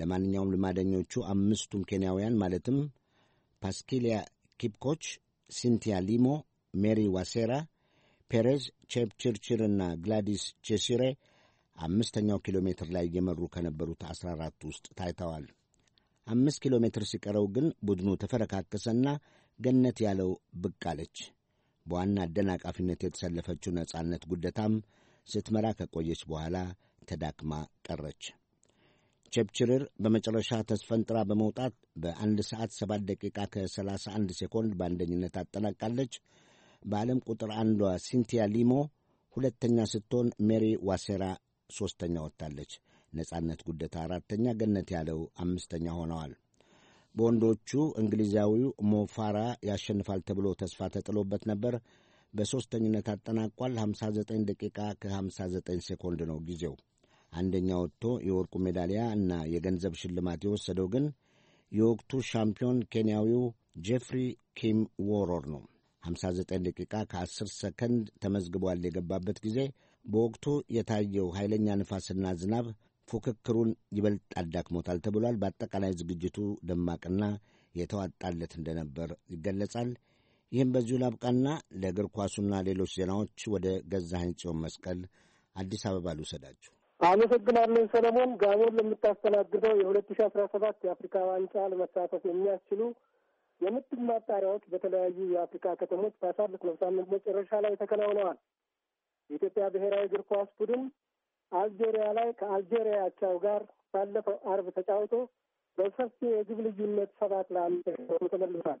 M: ለማንኛውም ልማደኞቹ አምስቱም ኬንያውያን ማለትም ፓስኪሊያ ኪፕኮች ሲንቲያ ሊሞ፣ ሜሪ ዋሴራ፣ ፔሬዝ ቼፕችርችር እና ግላዲስ ቼሲሬ አምስተኛው ኪሎ ሜትር ላይ እየመሩ ከነበሩት አስራ አራት ውስጥ ታይተዋል። አምስት ኪሎ ሜትር ሲቀረው ግን ቡድኑ ተፈረካከሰና ገነት ያለው ብቅ አለች። በዋና አደናቃፊነት የተሰለፈችው ነጻነት ጉደታም ስትመራ ከቆየች በኋላ ተዳክማ ቀረች። ቸፕችርር በመጨረሻ ተስፈንጥራ በመውጣት በአንድ ሰዓት 7 ደቂቃ ከ31 ሴኮንድ በአንደኝነት አጠናቃለች። በዓለም ቁጥር አንዷ ሲንቲያ ሊሞ ሁለተኛ ስትሆን ሜሪ ዋሴራ ሦስተኛ ወጥታለች። ነጻነት ጉደታ አራተኛ፣ ገነት ያለው አምስተኛ ሆነዋል። በወንዶቹ እንግሊዛዊው ሞፋራ ያሸንፋል ተብሎ ተስፋ ተጥሎበት ነበር። በሦስተኝነት አጠናቋል። 59 ደቂቃ ከ59 ሴኮንድ ነው ጊዜው። አንደኛ ወጥቶ የወርቁ ሜዳሊያ እና የገንዘብ ሽልማት የወሰደው ግን የወቅቱ ሻምፒዮን ኬንያዊው ጄፍሪ ኪም ዎሮር ነው። 59 ደቂቃ ከ10 ሰከንድ ተመዝግቧል የገባበት ጊዜ። በወቅቱ የታየው ኃይለኛ ንፋስና ዝናብ ፉክክሩን ይበልጥ አዳክሞታል ተብሏል። በአጠቃላይ ዝግጅቱ ደማቅና የተዋጣለት እንደነበር ይገለጻል። ይህም በዚሁ ላብቃና ለእግር ኳሱና ሌሎች ዜናዎች ወደ ገዛኸኝ ጽዮን መስቀል አዲስ አበባ ልውሰዳችሁ።
N: አመሰግናለን ሰለሞን። ጋቦን ለምታስተናግደው የሁለት ሺ አስራ ሰባት የአፍሪካ ዋንጫ ለመሳተፍ የሚያስችሉ የምድብ ማጣሪያዎች በተለያዩ የአፍሪካ ከተሞች ባሳለፍነው ሳምንት መጨረሻ ላይ ተከናውነዋል። የኢትዮጵያ ብሔራዊ እግር ኳስ ቡድን አልጄሪያ ላይ ከአልጄሪያ አቻው ጋር ባለፈው አርብ ተጫውቶ በሰፊ የግብ ልዩነት ሰባት ለአንድ ተሸንፎ ተመልሷል።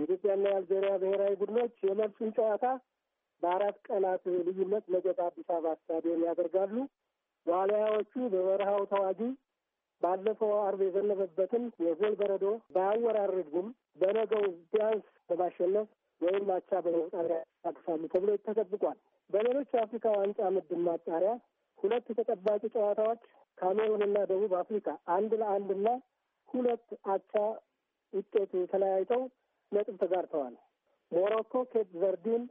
N: የኢትዮጵያና የአልጄሪያ ብሔራዊ ቡድኖች የመልሱን ጨዋታ በአራት ቀናት ልዩነት ነገ በአዲስ አበባ ስታዲየም ያደርጋሉ። ዋልያዎቹ በበረሃው ተዋጊ ባለፈው አርብ የዘነበበትን የጎል በረዶ ባያወራርድም በነገው ቢያንስ በማሸነፍ ወይም አቻ በመውጣሪያ ያቅፋሉ ተብሎ ተጠብቋል። በሌሎች የአፍሪካ ዋንጫ ምድብ ማጣሪያ ሁለት ተጠባቂ ጨዋታዎች ካሜሩንና ደቡብ አፍሪካ አንድ ለአንድና ሁለት አቻ ውጤት ተለያይተው ነጥብ ተጋርተዋል። ሞሮኮ ኬፕ ቨርዲን፣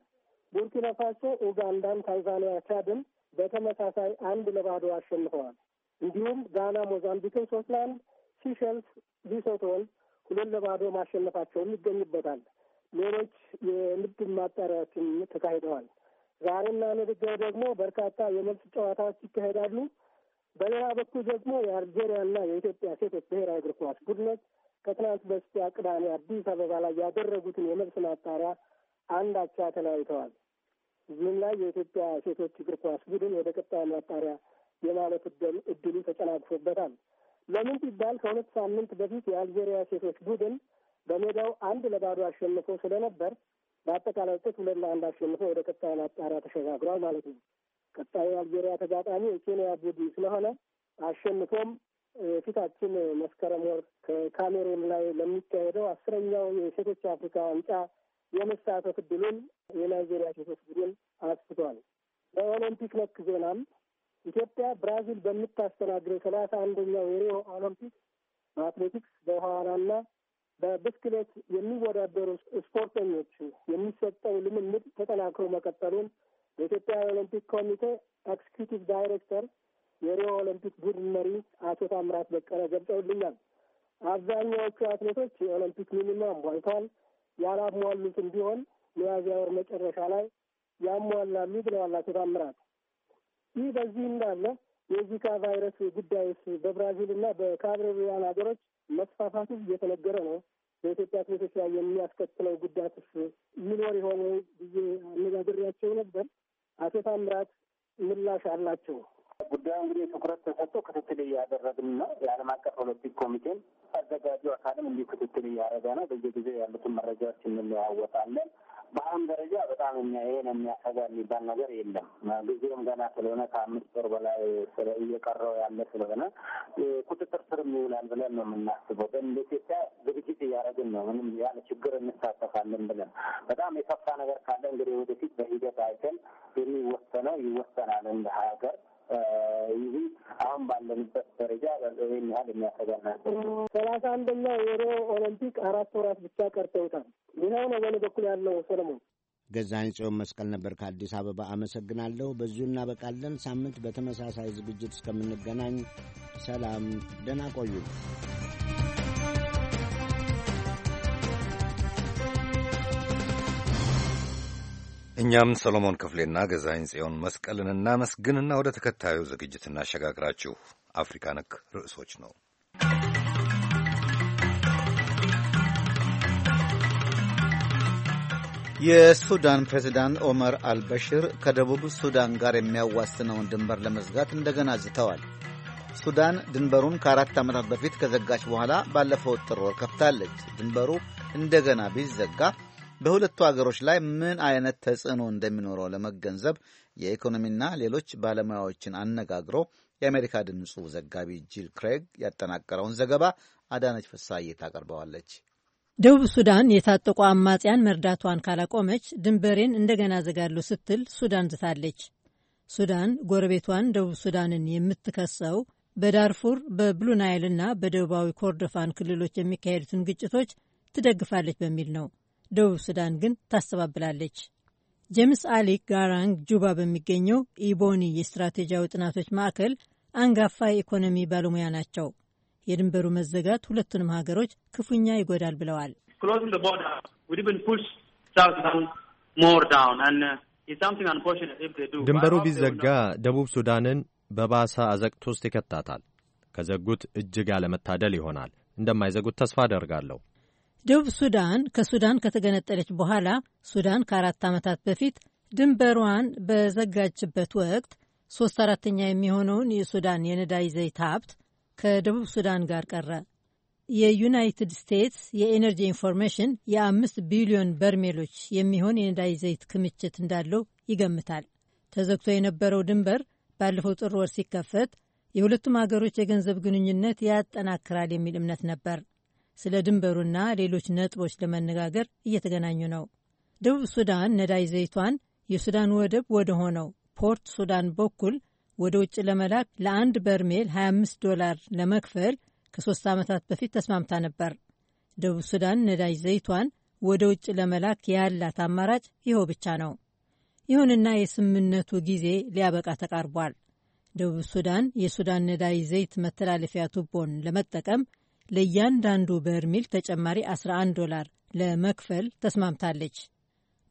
N: ቡርኪና ፋሶ ኡጋንዳን፣ ታንዛኒያ ቻድን በተመሳሳይ አንድ ለባዶ አሸንፈዋል። እንዲሁም ጋና ሞዛምቢክን ሶስት ለአንድ፣ ሲሸልስ ሊሶቶን ሁለት ለባዶ ማሸነፋቸውም ይገኝበታል። ሌሎች የንግድ ማጣሪያዎችም ተካሂደዋል። ዛሬና ነገ ደግሞ በርካታ የመልስ ጨዋታዎች ይካሄዳሉ። በሌላ በኩል ደግሞ የአልጄሪያና የኢትዮጵያ ሴቶች ብሔራዊ እግር ኳስ ቡድኖች ከትናንት በስቲያ ቅዳሜ አዲስ አበባ ላይ ያደረጉትን የመልስ ማጣሪያ አንዳቻ ተለያይተዋል። እዚህም ላይ የኢትዮጵያ ሴቶች እግር ኳስ ቡድን ወደ ቀጣዩ ማጣሪያ የማለፍ እድሉ ተጨናግፎበታል። ለምን ሲባል ከሁለት ሳምንት በፊት የአልጄሪያ ሴቶች ቡድን በሜዳው አንድ ለባዶ አሸንፎ ስለነበር በአጠቃላይ ውጤት ሁለት ለአንድ አሸንፎ ወደ ቀጣዩ ማጣሪያ ተሸጋግሯል ማለት ነው። ቀጣዩ የአልጄሪያ ተጋጣሚ የኬንያ ቡድን ስለሆነ አሸንፎም የፊታችን መስከረም ወር ከካሜሩን ላይ ለሚካሄደው አስረኛው የሴቶች አፍሪካ ዋንጫ የመሳተፍ እድሉን የናይጄሪያ ሴቶች ቡድን አስፍቷል። በኦሎምፒክ ነክ ዜናም ኢትዮጵያ ብራዚል በምታስተናግደው ሰላሳ አንደኛው የሪዮ ኦሎምፒክ በአትሌቲክስ በኋላና በብስክሌት የሚወዳደሩ ስፖርተኞች የሚሰጠው ልምምድ ተጠናክሮ መቀጠሉን በኢትዮጵያ ኦሎምፒክ ኮሚቴ ኤክስኪዩቲቭ ዳይሬክተር የሪዮ ኦሎምፒክ ቡድን መሪ አቶ ታምራት በቀለ ገልጸውልኛል። አብዛኛዎቹ አትሌቶች የኦሎምፒክ ሚኒማ ሟልተዋል። ያላሟሉትም ቢሆን ሚያዝያ ወር መጨረሻ ላይ ያሟላሉ ብለዋል አቶ ታምራት። ይህ በዚህ እንዳለ የዚካ ቫይረስ ጉዳዮች በብራዚልና በካሪቢያን ሀገሮች መስፋፋቱ እየተነገረ ነው። በኢትዮጵያ አትሌቶች ላይ የሚያስከትለው ጉዳትስ ይኖር የሆነ ብዬ አነጋግሬያቸው ነበር። አቶ ታምራት ምላሽ አላቸው። ጉዳዩ እንግዲህ ትኩረት ተሰጥቶ ክትትል እያደረግን ነው። የዓለም አቀፍ ኦሎምፒክ ኮሚቴን አዘጋጁ አካልም እንዲሁ ክትትል እያደረገ ነው። በየጊዜው ያሉትን መረጃዎች እንለዋወጣለን። በአሁን ደረጃ በጣም ይሄን የሚያሰጋ የሚባል ነገር የለም። ጊዜውም ገና ስለሆነ ከአምስት ወር በላይ እየቀረው ያለ ስለሆነ ቁጥጥር ስርም ይውላል ብለን ነው የምናስበው። እንደ ኢትዮጵያ ዝግጅት እያደረግን ነው። ምንም ያለ ችግር እንሳተፋለን ብለን በጣም የከፋ ነገር ካለ እንግዲህ ወደፊት በሂደት አይተን የሚወሰነው ይወሰናል እንደ ሀገር ይህ አሁን ባለንበት ደረጃ ይህን ያህል የሚያሰጋና ሰላሳ አንደኛው የሮ ኦሎምፒክ አራት ወራት ብቻ ቀርተውታል። ይኸው ነው በእኔ በኩል ያለው ሰለሞን
M: ገዛኝ ጽዮን መስቀል ነበር ከአዲስ አበባ አመሰግናለሁ። በዚሁ እናበቃለን። ሳምንት በተመሳሳይ ዝግጅት እስከምንገናኝ ሰላም፣ ደህና ቆዩ።
A: እኛም ሰሎሞን ክፍሌና ገዛኸኝ ጽዮን መስቀልን እናመስግንና ወደ ተከታዩ ዝግጅት እናሸጋግራችሁ። አፍሪካ ነክ ርዕሶች ነው።
B: የሱዳን ፕሬዝዳንት ኦመር አልበሽር ከደቡብ ሱዳን ጋር የሚያዋስነውን ድንበር ለመዝጋት እንደገና ዝተዋል። ሱዳን ድንበሩን ከአራት ዓመታት በፊት ከዘጋች በኋላ ባለፈው ጥር ወር ከፍታለች። ድንበሩ እንደገና ቢዘጋ በሁለቱ አገሮች ላይ ምን አይነት ተጽዕኖ እንደሚኖረው ለመገንዘብ የኢኮኖሚና ሌሎች ባለሙያዎችን አነጋግሮ የአሜሪካ ድምፁ ዘጋቢ ጂል ክሬግ ያጠናቀረውን ዘገባ አዳነች ፍሳዬ ታቀርበዋለች።
O: ደቡብ ሱዳን የታጠቁ አማጽያን መርዳቷን ካላቆመች ድንበሬን እንደገና ዘጋለሁ ስትል ሱዳን ዝታለች። ሱዳን ጎረቤቷን ደቡብ ሱዳንን የምትከሰው በዳርፉር በብሉናይልና በደቡባዊ ኮርዶፋን ክልሎች የሚካሄዱትን ግጭቶች ትደግፋለች በሚል ነው። ደቡብ ሱዳን ግን ታስተባብላለች። ጄምስ አሊ ጋራንግ ጁባ በሚገኘው ኢቦኒ የስትራቴጂያዊ ጥናቶች ማዕከል አንጋፋ የኢኮኖሚ ባለሙያ ናቸው። የድንበሩ መዘጋት ሁለቱንም ሀገሮች ክፉኛ ይጎዳል ብለዋል።
G: ድንበሩ ቢዘጋ
J: ደቡብ ሱዳንን በባሰ አዘቅት ውስጥ ይከታታል። ከዘጉት እጅግ ያለመታደል ይሆናል። እንደማይዘጉት ተስፋ አደርጋለሁ።
O: ደቡብ ሱዳን ከሱዳን ከተገነጠለች በኋላ ሱዳን ከአራት ዓመታት በፊት ድንበሯን በዘጋጅበት ወቅት ሶስት አራተኛ የሚሆነውን የሱዳን የነዳጅ ዘይት ሀብት ከደቡብ ሱዳን ጋር ቀረ። የዩናይትድ ስቴትስ የኤነርጂ ኢንፎርሜሽን የአምስት ቢሊዮን በርሜሎች የሚሆን የነዳጅ ዘይት ክምችት እንዳለው ይገምታል። ተዘግቶ የነበረው ድንበር ባለፈው ጥር ወር ሲከፈት የሁለቱም ሀገሮች የገንዘብ ግንኙነት ያጠናክራል የሚል እምነት ነበር። ስለ ድንበሩና ሌሎች ነጥቦች ለመነጋገር እየተገናኙ ነው። ደቡብ ሱዳን ነዳጅ ዘይቷን የሱዳን ወደብ ወደ ሆነው ፖርት ሱዳን በኩል ወደ ውጭ ለመላክ ለአንድ በርሜል 25 ዶላር ለመክፈል ከሶስት ዓመታት በፊት ተስማምታ ነበር። ደቡብ ሱዳን ነዳጅ ዘይቷን ወደ ውጭ ለመላክ ያላት አማራጭ ይኸው ብቻ ነው። ይሁንና የስምምነቱ ጊዜ ሊያበቃ ተቃርቧል። ደቡብ ሱዳን የሱዳን ነዳጅ ዘይት መተላለፊያ ቱቦን ለመጠቀም ለእያንዳንዱ በርሜል ተጨማሪ 11 ዶላር ለመክፈል ተስማምታለች።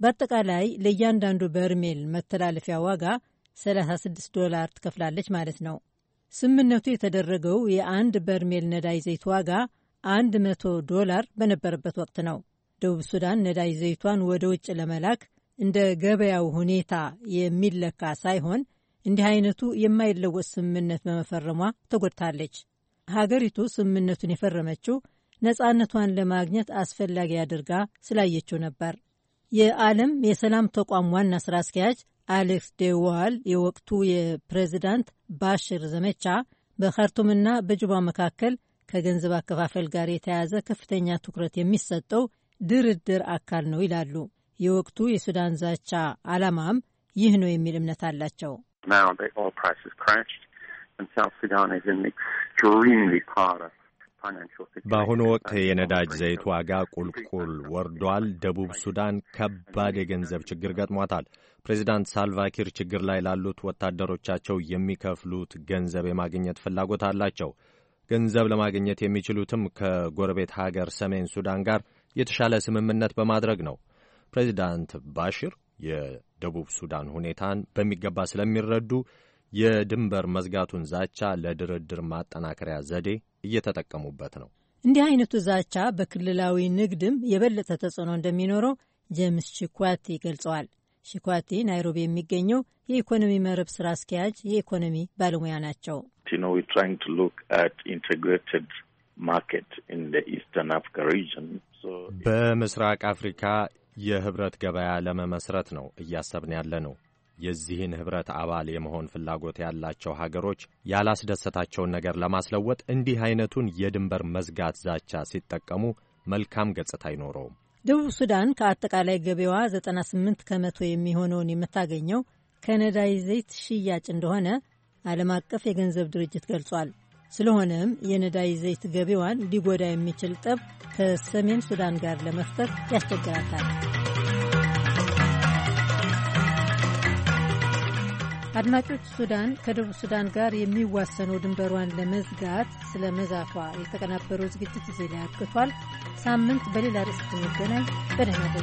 O: በአጠቃላይ ለእያንዳንዱ በርሜል መተላለፊያ ዋጋ 36 ዶላር ትከፍላለች ማለት ነው። ስምምነቱ የተደረገው የአንድ በርሜል ነዳጅ ዘይት ዋጋ 100 ዶላር በነበረበት ወቅት ነው። ደቡብ ሱዳን ነዳጅ ዘይቷን ወደ ውጭ ለመላክ እንደ ገበያው ሁኔታ የሚለካ ሳይሆን እንዲህ አይነቱ የማይለወጥ ስምምነት በመፈረሟ ተጎድታለች። ሀገሪቱ ስምምነቱን የፈረመችው ነፃነቷን ለማግኘት አስፈላጊ አድርጋ ስላየችው ነበር። የዓለም የሰላም ተቋም ዋና ስራ አስኪያጅ አሌክስ ዴዋል የወቅቱ የፕሬዚዳንት ባሽር ዘመቻ በካርቱምና በጁባ መካከል ከገንዘብ አከፋፈል ጋር የተያያዘ ከፍተኛ ትኩረት የሚሰጠው ድርድር አካል ነው ይላሉ። የወቅቱ የሱዳን ዛቻ ዓላማም ይህ ነው የሚል እምነት አላቸው።
G: በአሁኑ ወቅት
J: የነዳጅ ዘይት ዋጋ ቁልቁል ወርዷል። ደቡብ ሱዳን ከባድ የገንዘብ ችግር ገጥሟታል። ፕሬዚዳንት ሳልቫኪር ችግር ላይ ላሉት ወታደሮቻቸው የሚከፍሉት ገንዘብ የማግኘት ፍላጎት አላቸው። ገንዘብ ለማግኘት የሚችሉትም ከጎረቤት ሀገር ሰሜን ሱዳን ጋር የተሻለ ስምምነት በማድረግ ነው። ፕሬዚዳንት ባሽር የደቡብ ሱዳን ሁኔታን በሚገባ ስለሚረዱ የድንበር መዝጋቱን ዛቻ ለድርድር ማጠናከሪያ ዘዴ እየተጠቀሙበት ነው።
O: እንዲህ አይነቱ ዛቻ በክልላዊ ንግድም የበለጠ ተጽዕኖ እንደሚኖረው ጄምስ ሽኳቲ ገልጸዋል። ሽኳቲ ናይሮቢ የሚገኘው የኢኮኖሚ መረብ ስራ አስኪያጅ የኢኮኖሚ ባለሙያ ናቸው።
J: በምስራቅ አፍሪካ የህብረት ገበያ ለመመስረት ነው እያሰብን ያለ ነው። የዚህን ኅብረት አባል የመሆን ፍላጎት ያላቸው ሀገሮች ያላስደሰታቸውን ነገር ለማስለወጥ እንዲህ አይነቱን የድንበር መዝጋት ዛቻ ሲጠቀሙ መልካም ገጽታ አይኖረውም።
O: ደቡብ ሱዳን ከአጠቃላይ ገቢዋ 98 ከመቶ የሚሆነውን የምታገኘው ከነዳጅ ዘይት ሽያጭ እንደሆነ ዓለም አቀፍ የገንዘብ ድርጅት ገልጿል። ስለሆነም የነዳጅ ዘይት ገቢዋን ሊጎዳ የሚችል ጠብ ከሰሜን ሱዳን ጋር ለመፍጠር ያስቸግራታል። አድማጮች፣ ሱዳን ከደቡብ ሱዳን ጋር የሚዋሰነው ድንበሯን ለመዝጋት ስለ መዛቷ የተቀናበረው ዝግጅት እዚህ ላይ አብቅቷል። ሳምንት በሌላ ርዕስ ስንገናኝ በደህና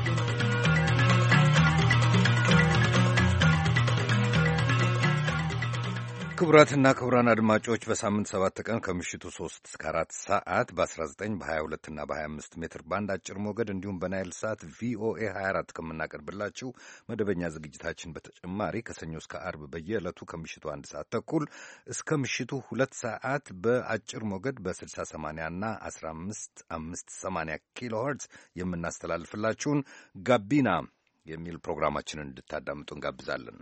A: ክቡራትና ክቡራን አድማጮች በሳምንት ሰባት ቀን ከምሽቱ 3 እስከ 4 ሰዓት በ19 በ22 እና በ25 ሜትር ባንድ አጭር ሞገድ እንዲሁም በናይል ሳት ቪኦኤ 24 ከምናቀርብላችሁ መደበኛ ዝግጅታችን በተጨማሪ ከሰኞ እስከ አርብ በየዕለቱ ከምሽቱ አንድ ሰዓት ተኩል እስከ ምሽቱ ሁለት ሰዓት በአጭር ሞገድ በ6080 እና 15580 ኪሎ ሄርትዝ የምናስተላልፍላችሁን ጋቢና የሚል ፕሮግራማችንን እንድታዳምጡ እንጋብዛለን።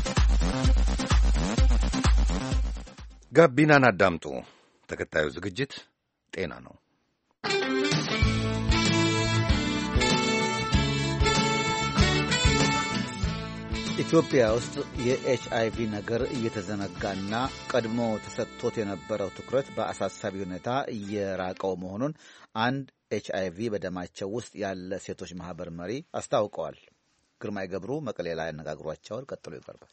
A: ጋቢናን አዳምጡ። ተከታዩ ዝግጅት ጤና ነው።
B: ኢትዮጵያ ውስጥ የኤች አይቪ ነገር እየተዘነጋና ቀድሞ ተሰጥቶት የነበረው ትኩረት በአሳሳቢ ሁኔታ እየራቀው መሆኑን አንድ ኤች አይቪ በደማቸው ውስጥ ያለ ሴቶች ማህበር መሪ አስታውቀዋል። ግርማይ ገብሩ መቀሌ ላይ አነጋግሯቸዋል። ቀጥሎ ይቀርባል።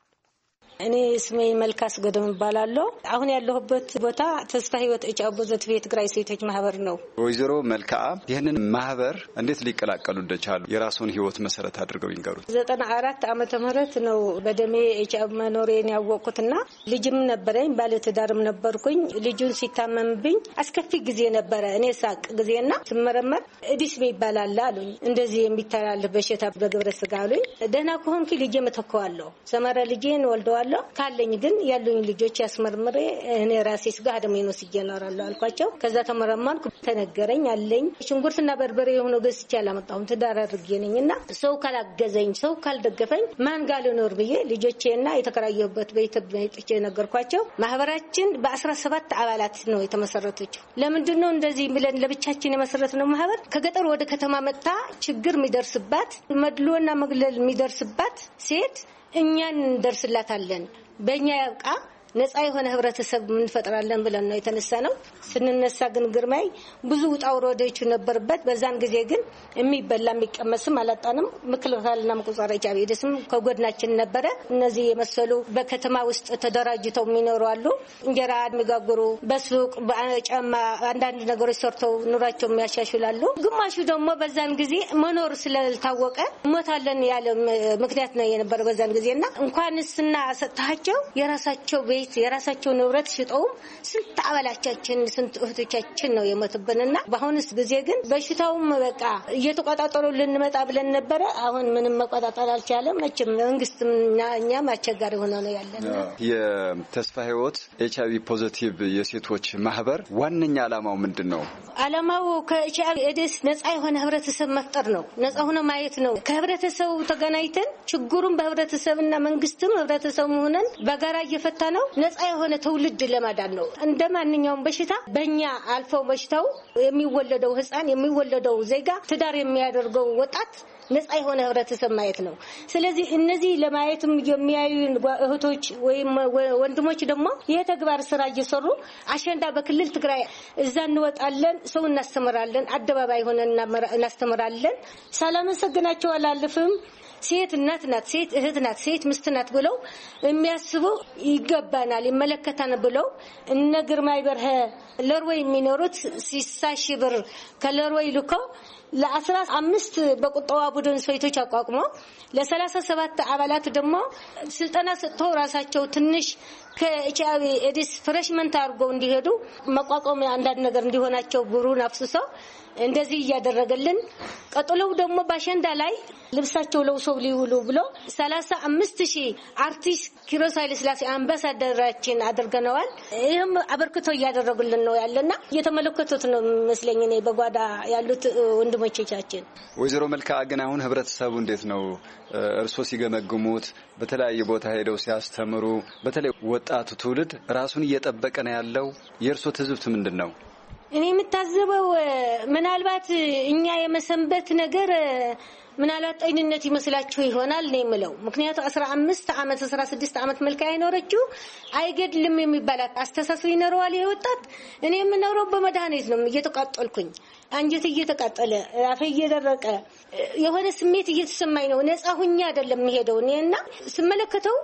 F: እኔ ስሜ መልካስ ገደም እባላለሁ። አሁን ያለሁበት ቦታ ተስፋ ህይወት እጫ ቦዘትቤ የትግራይ ሴቶች ማህበር ነው።
P: ወይዘሮ መልክዓ ይህንን ማህበር እንዴት ሊቀላቀሉ እንደቻሉ የራሱን ህይወት መሰረት አድርገው ይንገሩ።
F: ዘጠና አራት ዓመተ ምህረት ነው በደሜ እጫ መኖሬን ያወቅኩትና ልጅም ነበረኝ ባለትዳርም ነበርኩኝ። ልጁን ሲታመምብኝ አስከፊ ጊዜ ነበረ። እኔ ሳቅ ጊዜና ስመረመር እዲስ ይባላል አሉኝ። እንደዚህ የሚተላልፍ በሽታ በግብረ ስጋ አሉኝ። ደህና ከሆንኪ ልጄ መተከዋለሁ። ሰመረ ልጄን ወልደዋል እኖራለሁ ካለኝ ግን ያሉኝ ልጆች ያስመርምሬ እኔ ራሴ ስጋ አደሜን ወስጄ እኖራለሁ አልኳቸው። ከዛ ተመረመርኩ፣ ተነገረኝ አለኝ። ሽንኩርትና በርበሬ የሆነ ገዝቼ አላመጣሁም ትዳር አድርጌ ነኝ እና ሰው ካላገዘኝ ሰው ካልደገፈኝ ማን ጋር ልኖር ብዬ ልጆቼና የተከራየሁበት ቤት ጥቼ ነገርኳቸው። ማህበራችን በአስራ ሰባት አባላት ነው የተመሰረተችው። ለምንድን ነው እንደዚህ ብለን ለብቻችን የመሰረት ነው ማህበር ከገጠር ወደ ከተማ መጥታ ችግር የሚደርስባት መድሎና መግለል የሚደርስባት ሴት እኛ እንደርስላታለን። በእኛ ያብቃ ነጻ የሆነ ህብረተሰብ እንፈጥራለን ብለን ነው የተነሳ ነው። ስንነሳ ግን ግርማይ ብዙ ውጣ ውረዶች ነበርበት። በዛን ጊዜ ግን የሚበላ የሚቀመስም አላጣንም። ምክልካልና መቆጻረጫ ቤደስም ከጎድናችን ነበረ። እነዚህ የመሰሉ በከተማ ውስጥ ተደራጅተው የሚኖሩ አሉ። እንጀራ የሚጋግሩ በሱቅ በጫማ አንዳንድ ነገሮች ሰርተው ኑሯቸው የሚያሻሽላሉ። ግማሹ ደግሞ በዛን ጊዜ መኖር ስለታወቀ ሞታለን ያለ ምክንያት ነው የነበረ በዛን ጊዜ እና እንኳንስና ሰጥታቸው የራሳቸው ቤት ቤት የራሳቸው ንብረት ሽጠውም ስንት አባላቻችን ስንት እህቶቻችን ነው የሞትብንና በአሁንስ ጊዜ ግን በሽታውም በቃ እየተቆጣጠሩ ልንመጣ ብለን ነበረ። አሁን ምንም መቆጣጠር አልቻለም። መቼም መንግስትም እኛም አስቸጋሪ ሆነ ነው ያለ
P: የተስፋ ህይወት ኤች አይቪ ፖዘቲቭ የሴቶች ማህበር ዋነኛ አላማው ምንድን ነው?
F: አላማው ከኤች አይቪ ኤድስ ነጻ የሆነ ህብረተሰብ መፍጠር ነው። ነጻ ሆነ ማየት ነው። ከህብረተሰቡ ተገናኝተን ችግሩን በህብረተሰብና መንግስትም ህብረተሰቡ ሆነን በጋራ እየፈታ ነው ነፃ የሆነ ትውልድ ለማዳን ነው። እንደ ማንኛውም በሽታ በእኛ አልፈው በሽታው የሚወለደው ህፃን የሚወለደው ዜጋ ትዳር የሚያደርገው ወጣት ነፃ የሆነ ህብረተሰብ ማየት ነው። ስለዚህ እነዚህ ለማየትም የሚያዩ እህቶች ወይም ወንድሞች ደግሞ ይህ ተግባር ስራ እየሰሩ አሸንዳ በክልል ትግራይ እዛ እንወጣለን፣ ሰው እናስተምራለን፣ አደባባይ ሆነ እናስተምራለን። ሳላመሰግናቸው አላልፍም። ሴት እናት ናት፣ ሴት እህት ናት፣ ሴት ምስት ናት ብለው የሚያስቡ ይገባናል፣ ይመለከታን ብለው እነ ግርማይ በርሀ ለርወይ የሚኖሩት ሲሳ ሺ ብር ከለርወይ ልከው ለአስራ አምስት በቁጠባ ቡድን ሴቶች አቋቁሞ ለሰላሳ ሰባት አባላት ደግሞ ስልጠና ሰጥቶ ራሳቸው ትንሽ ከኤች አይ ቪ ኤድስ ፍሬሽመንት እንዲሄዱ መቋቋም አንዳንድ ነገር እንዲሆናቸው ብሩን አፍስሰው እንደዚህ እያደረገልን ቀጥለው ደግሞ በአሸንዳ ላይ ልብሳቸው ለውሰው ሊውሉ ብሎ ሰላሳ አምስት ሺህ አርቲስት ኪሮስ ኃይለስላሴ አምባሳደራችን አድርገነዋል። ይህም አበርክቶ እያደረጉልን ነው ያለና እየተመለከቱት ነው መስለኝ እኔ በጓዳ ያሉት ወንድሞቻችን።
P: ወይዘሮ መልካ ግን አሁን ህብረተሰቡ እንዴት ነው እርስዎ ሲገመግሙት፣ በተለያየ ቦታ ሄደው ሲያስተምሩ፣ በተለይ ወጣቱ ትውልድ ራሱን እየጠበቀ ነው ያለው የእርስዎ ትዝብት ምንድን ነው?
F: እኔ የምታዘበው ምናልባት እኛ የመሰንበት ነገር ምናልባት ጤንነት ይመስላችሁ ይሆናል ነው የምለው። ምክንያቱ አስራ አምስት አመት አስራ ስድስት አመት መልክ አይኖረችው አይገድልም የሚባላት አስተሳሰብ ይኖረዋል ወጣት። እኔ የምኖረው በመድኃኒት ነው፣ እየተቃጠልኩኝ፣ አንጀት እየተቃጠለ፣ አፌ እየደረቀ፣ የሆነ ስሜት እየተሰማኝ ነው። ነጻ ሁኜ አይደለም የሚሄደው እኔ እና ስመለከተው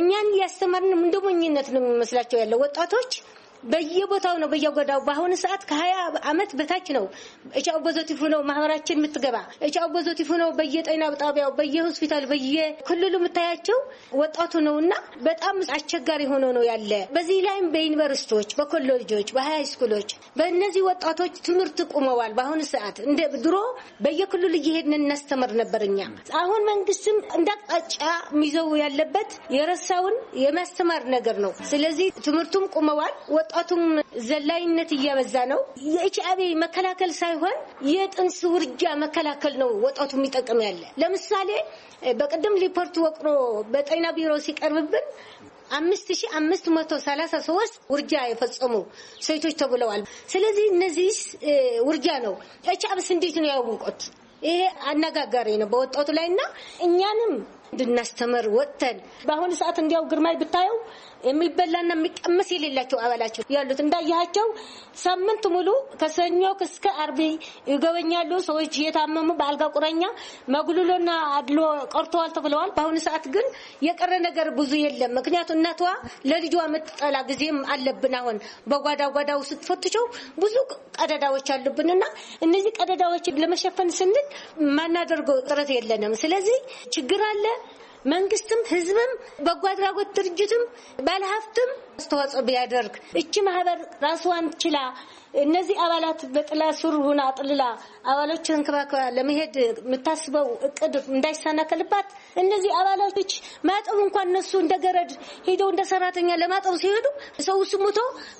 F: እኛን እያስተማርን እንደ ሞኝነት ነው የሚመስላቸው ያለው ወጣቶች በየቦታው ነው በየጎዳው። በአሁኑ ሰዓት ከሀያ አመት በታች ነው እጫው በዘቲፉ ነው ማህበራችን የምትገባ እጫው በዘቲፉ ነው። በየጤና ጣቢያው፣ በየሆስፒታል፣ በየክልሉ የምታያቸው ወጣቱ ነው እና በጣም አስቸጋሪ ሆኖ ነው ያለ። በዚህ ላይም በዩኒቨርሲቲዎች፣ በኮሌጆች፣ በሀይ ስኩሎች በእነዚህ ወጣቶች ትምህርት ቁመዋል። በአሁኑ ሰዓት እንደ ድሮ በየክልሉ እየሄድን እናስተምር ነበር እኛ። አሁን መንግስትም አቅጣጫ የሚዘው ያለበት የረሳውን የማስተማር ነገር ነው። ስለዚህ ትምህርቱም ቁመዋል ወጣ ወጣቱም ዘላይነት እያበዛ ነው። የኤች አይቪ መከላከል ሳይሆን የጥንስ ውርጃ መከላከል ነው ወጣቱ የሚጠቅም ያለ። ለምሳሌ በቅድም ሪፖርት ወቅሮ በጤና ቢሮ ሲቀርብብን አምስት ሺ አምስት መቶ ሰላሳ ሶስት ውርጃ የፈጸሙ ሴቶች ተብለዋል። ስለዚህ እነዚህ ውርጃ ነው። ኤች እንዴት ነው ያወቁት? ይሄ አነጋጋሪ ነው በወጣቱ ላይ እና እኛንም እንድናስተምር ወጥተን በአሁኑ ሰዓት እንዲያው ግርማይ ብታየው የሚበላና የሚቀመስ የሌላቸው አባላቸው ያሉት እንዳያቸው ሳምንት ሙሉ ከሰኞ እስከ አርብ ይገበኛሉ። ሰዎች እየታመሙ በአልጋ ቁረኛ መጉልሎና አድሎ ቆርተዋል ተብለዋል። በአሁኑ ሰዓት ግን የቀረ ነገር ብዙ የለም። ምክንያቱም እናቷ ለልጇ የምትጠላ ጊዜም አለብን። አሁን በጓዳ ጓዳው ስትፈትሸው ብዙ ቀደዳዎች አሉብንና እነዚህ ቀደዳዎች ለመሸፈን ስንል ማናደርገው ጥረት የለንም። ስለዚህ ችግር አለ። መንግስትም ህዝብም በጎ አድራጎት ድርጅትም ባለሀብትም አስተዋጽኦ ቢያደርግ እቺ ማህበር ራስዋን ችላ እነዚህ አባላት በጥላ ስር ሁና ጥልላ አባሎች እንክባክባ ለመሄድ የምታስበው እቅድ እንዳይሰናከልባት እነዚህ አባላቶች ማጠቡ እንኳን እነሱ እንደ ገረድ ሄደው እንደ ሰራተኛ ለማጠቡ ሲሄዱ ሰው ስሙቶ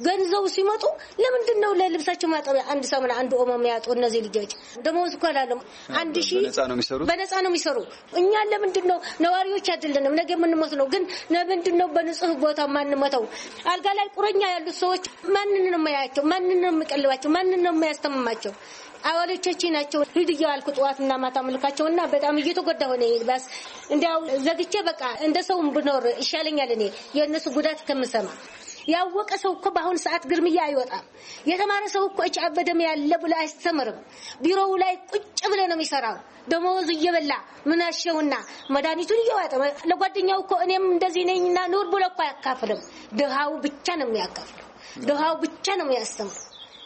F: ገንዘቡ ሲመጡ ለምንድን ነው ለልብሳቸው ማጠብ አንድ ሳሙና አንድ ኦሞ የሚያጡ እነዚህ ልጆች ደሞዝ እኮ አላለም። አንድ ሺ በነፃ ነው የሚሰሩ። እኛ ለምንድን ነው ነዋሪዎች አይደለንም፣ ነገ የምንሞት ነው። ግን ለምንድን ነው በንጹህ ቦታ ማንሞተው? አልጋ ላይ ቁረኛ ያሉት ሰዎች ማንን ነው የሚያያቸው? ማንን ነው የሚቀልባቸው? ማንን ነው የሚያስተምማቸው? አባሎቻችን ናቸው። ሂድ እያልኩ ጠዋትና ማታ መልካቸው እና በጣም እየተጎዳ ሆነ። ባስ እንዲያው ዘግቼ በቃ እንደ ሰውም ብኖር ይሻለኛል እኔ የእነሱ ጉዳት ከምሰማ ያወቀ ሰው እኮ በአሁን ሰዓት ግርምያ አይወጣም። የተማረ ሰው እኮ እጭ አበደም ያለ ብለ አያስተምርም። ቢሮው ላይ ቁጭ ብለ ነው የሚሰራው። ደመወዙ እየበላ ምን አሸውና መድኃኒቱን እየዋጠ ለጓደኛው እኮ እኔም እንደዚህ ነኝና ኑር ብሎ እኮ አያካፍልም። ድሃው ብቻ ነው የሚያካፍለው። ድሃው ብቻ ነው የሚያስተምረው።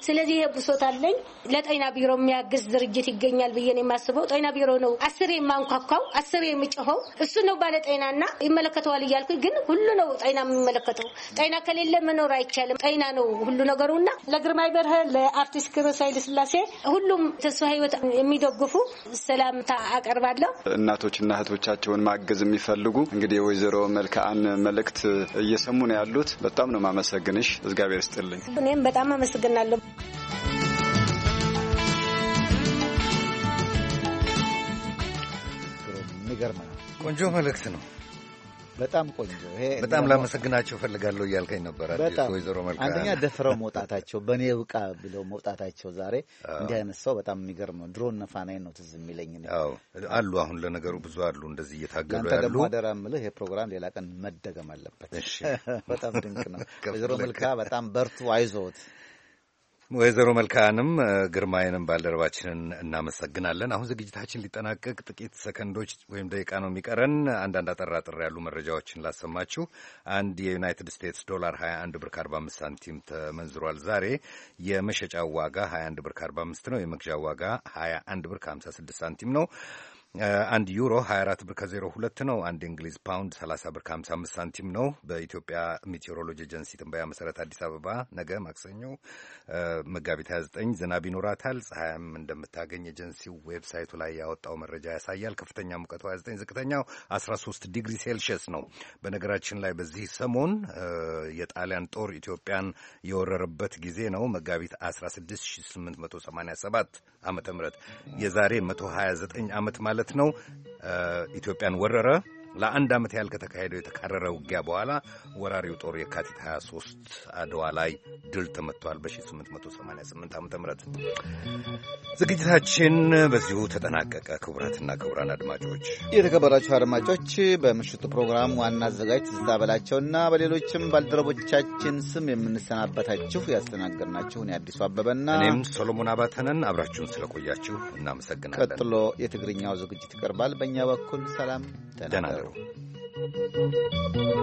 F: ስለዚህ ይሄ ብሶት አለኝ። ለጤና ቢሮ የሚያግዝ ድርጅት ይገኛል ብዬ ነው የማስበው። ጤና ቢሮ ነው አስር የማንኳኳው አስር የሚጮኸው እሱ ነው ባለጤናና ይመለከተዋል እያልኩ ግን ሁሉ ነው ጤና የሚመለከተው። ጤና ከሌለ መኖር አይቻልም። ጤና ነው ሁሉ ነገሩና ለግርማይ በርሀ ለአርቲስት ክብረት ስላሴ ሁሉም ተስፋ ህይወት የሚደግፉ ሰላምታ አቀርባለሁ።
P: እናቶችና እህቶቻቸውን ማገዝ የሚፈልጉ እንግዲህ የወይዘሮ መልክአን መልእክት እየሰሙ ነው ያሉት። በጣም ነው ማመሰግንሽ። እግዚአብሔር ስጥልኝ።
F: እኔም በጣም አመሰግናለሁ።
A: የሚገርም ነው። ቆንጆ መልእክት ነው። በጣም ቆንጆ። በጣም ላመሰግናቸው ፈልጋለሁ እያልከኝ ነበር። ወይዘሮ መልካ አንደኛ
B: ደፍረው መውጣታቸው በእኔ እብቃ ብለው መውጣታቸው ዛሬ እንዲህ አይነት ሰው በጣም የሚገርም ነው። ድሮ ነፋናይ ነው ትዝ የሚለኝ አሉ። አሁን ለነገሩ ብዙ አሉ እንደዚህ እየታገሉ ያሉ። ደግሞ አደራ የምልህ ይሄ ፕሮግራም ሌላ ቀን መደገም አለበት። በጣም ድንቅ ነው። ወይዘሮ መልካ በጣም በርቱ፣ አይዞት
A: ወይዘሮ መልካንም ግርማዬንም ባልደረባችንን እናመሰግናለን። አሁን ዝግጅታችን ሊጠናቀቅ ጥቂት ሰከንዶች ወይም ደቂቃ ነው የሚቀረን። አንዳንድ አጠራጥር ያሉ መረጃዎችን ላሰማችሁ። አንድ የዩናይትድ ስቴትስ ዶላር 21 ብር ከ45 ሳንቲም ተመንዝሯል። ዛሬ የመሸጫው ዋጋ 21 ብር ከ45 ነው። የመግዣ ዋጋ 21 ብር ከ56 ሳንቲም ነው። አንድ ዩሮ 24 ብር ከ02 ነው። አንድ እንግሊዝ ፓውንድ 30 ብር ከ55 ሳንቲም ነው። በኢትዮጵያ ሜቴሮሎጂ ኤጀንሲ ትንበያ መሰረት አዲስ አበባ ነገ ማክሰኞ መጋቢት 29 ዝናብ ይኖራታል። ፀሐያም እንደምታገኝ ኤጀንሲው ዌብሳይቱ ላይ ያወጣው መረጃ ያሳያል። ከፍተኛ ሙቀቱ 29፣ ዝቅተኛው 13 ዲግሪ ሴልሽየስ ነው። በነገራችን ላይ በዚህ ሰሞን የጣሊያን ጦር ኢትዮጵያን የወረረበት ጊዜ ነው። መጋቢት 16887 ዓ ም የዛሬ 129 ዓመት ማለት ማለት ነው ኢትዮጵያን ወረረ። ለአንድ ዓመት ያህል ከተካሄደው የተካረረ ውጊያ በኋላ ወራሪው ጦር የካቲት 23 አድዋ ላይ ድል ተመቷል በ1888 ዓ ም ዝግጅታችን በዚሁ ተጠናቀቀ። ክቡራትና ክቡራን አድማጮች
B: የተከበራችሁ አድማጮች በምሽቱ ፕሮግራም ዋና አዘጋጅ ትዝታ በላቸውና በሌሎችም ባልደረቦቻችን ስም የምንሰናበታችሁ ያስተናገድናችሁን የአዲሱ አበበና እኔም ሶሎሞን አባተነን አብራችሁን ስለቆያችሁ እናመሰግናለን። ቀጥሎ የትግርኛው ዝግጅት ይቀርባል። በእኛ በኩል ሰላም ደህና
L: Guerrero.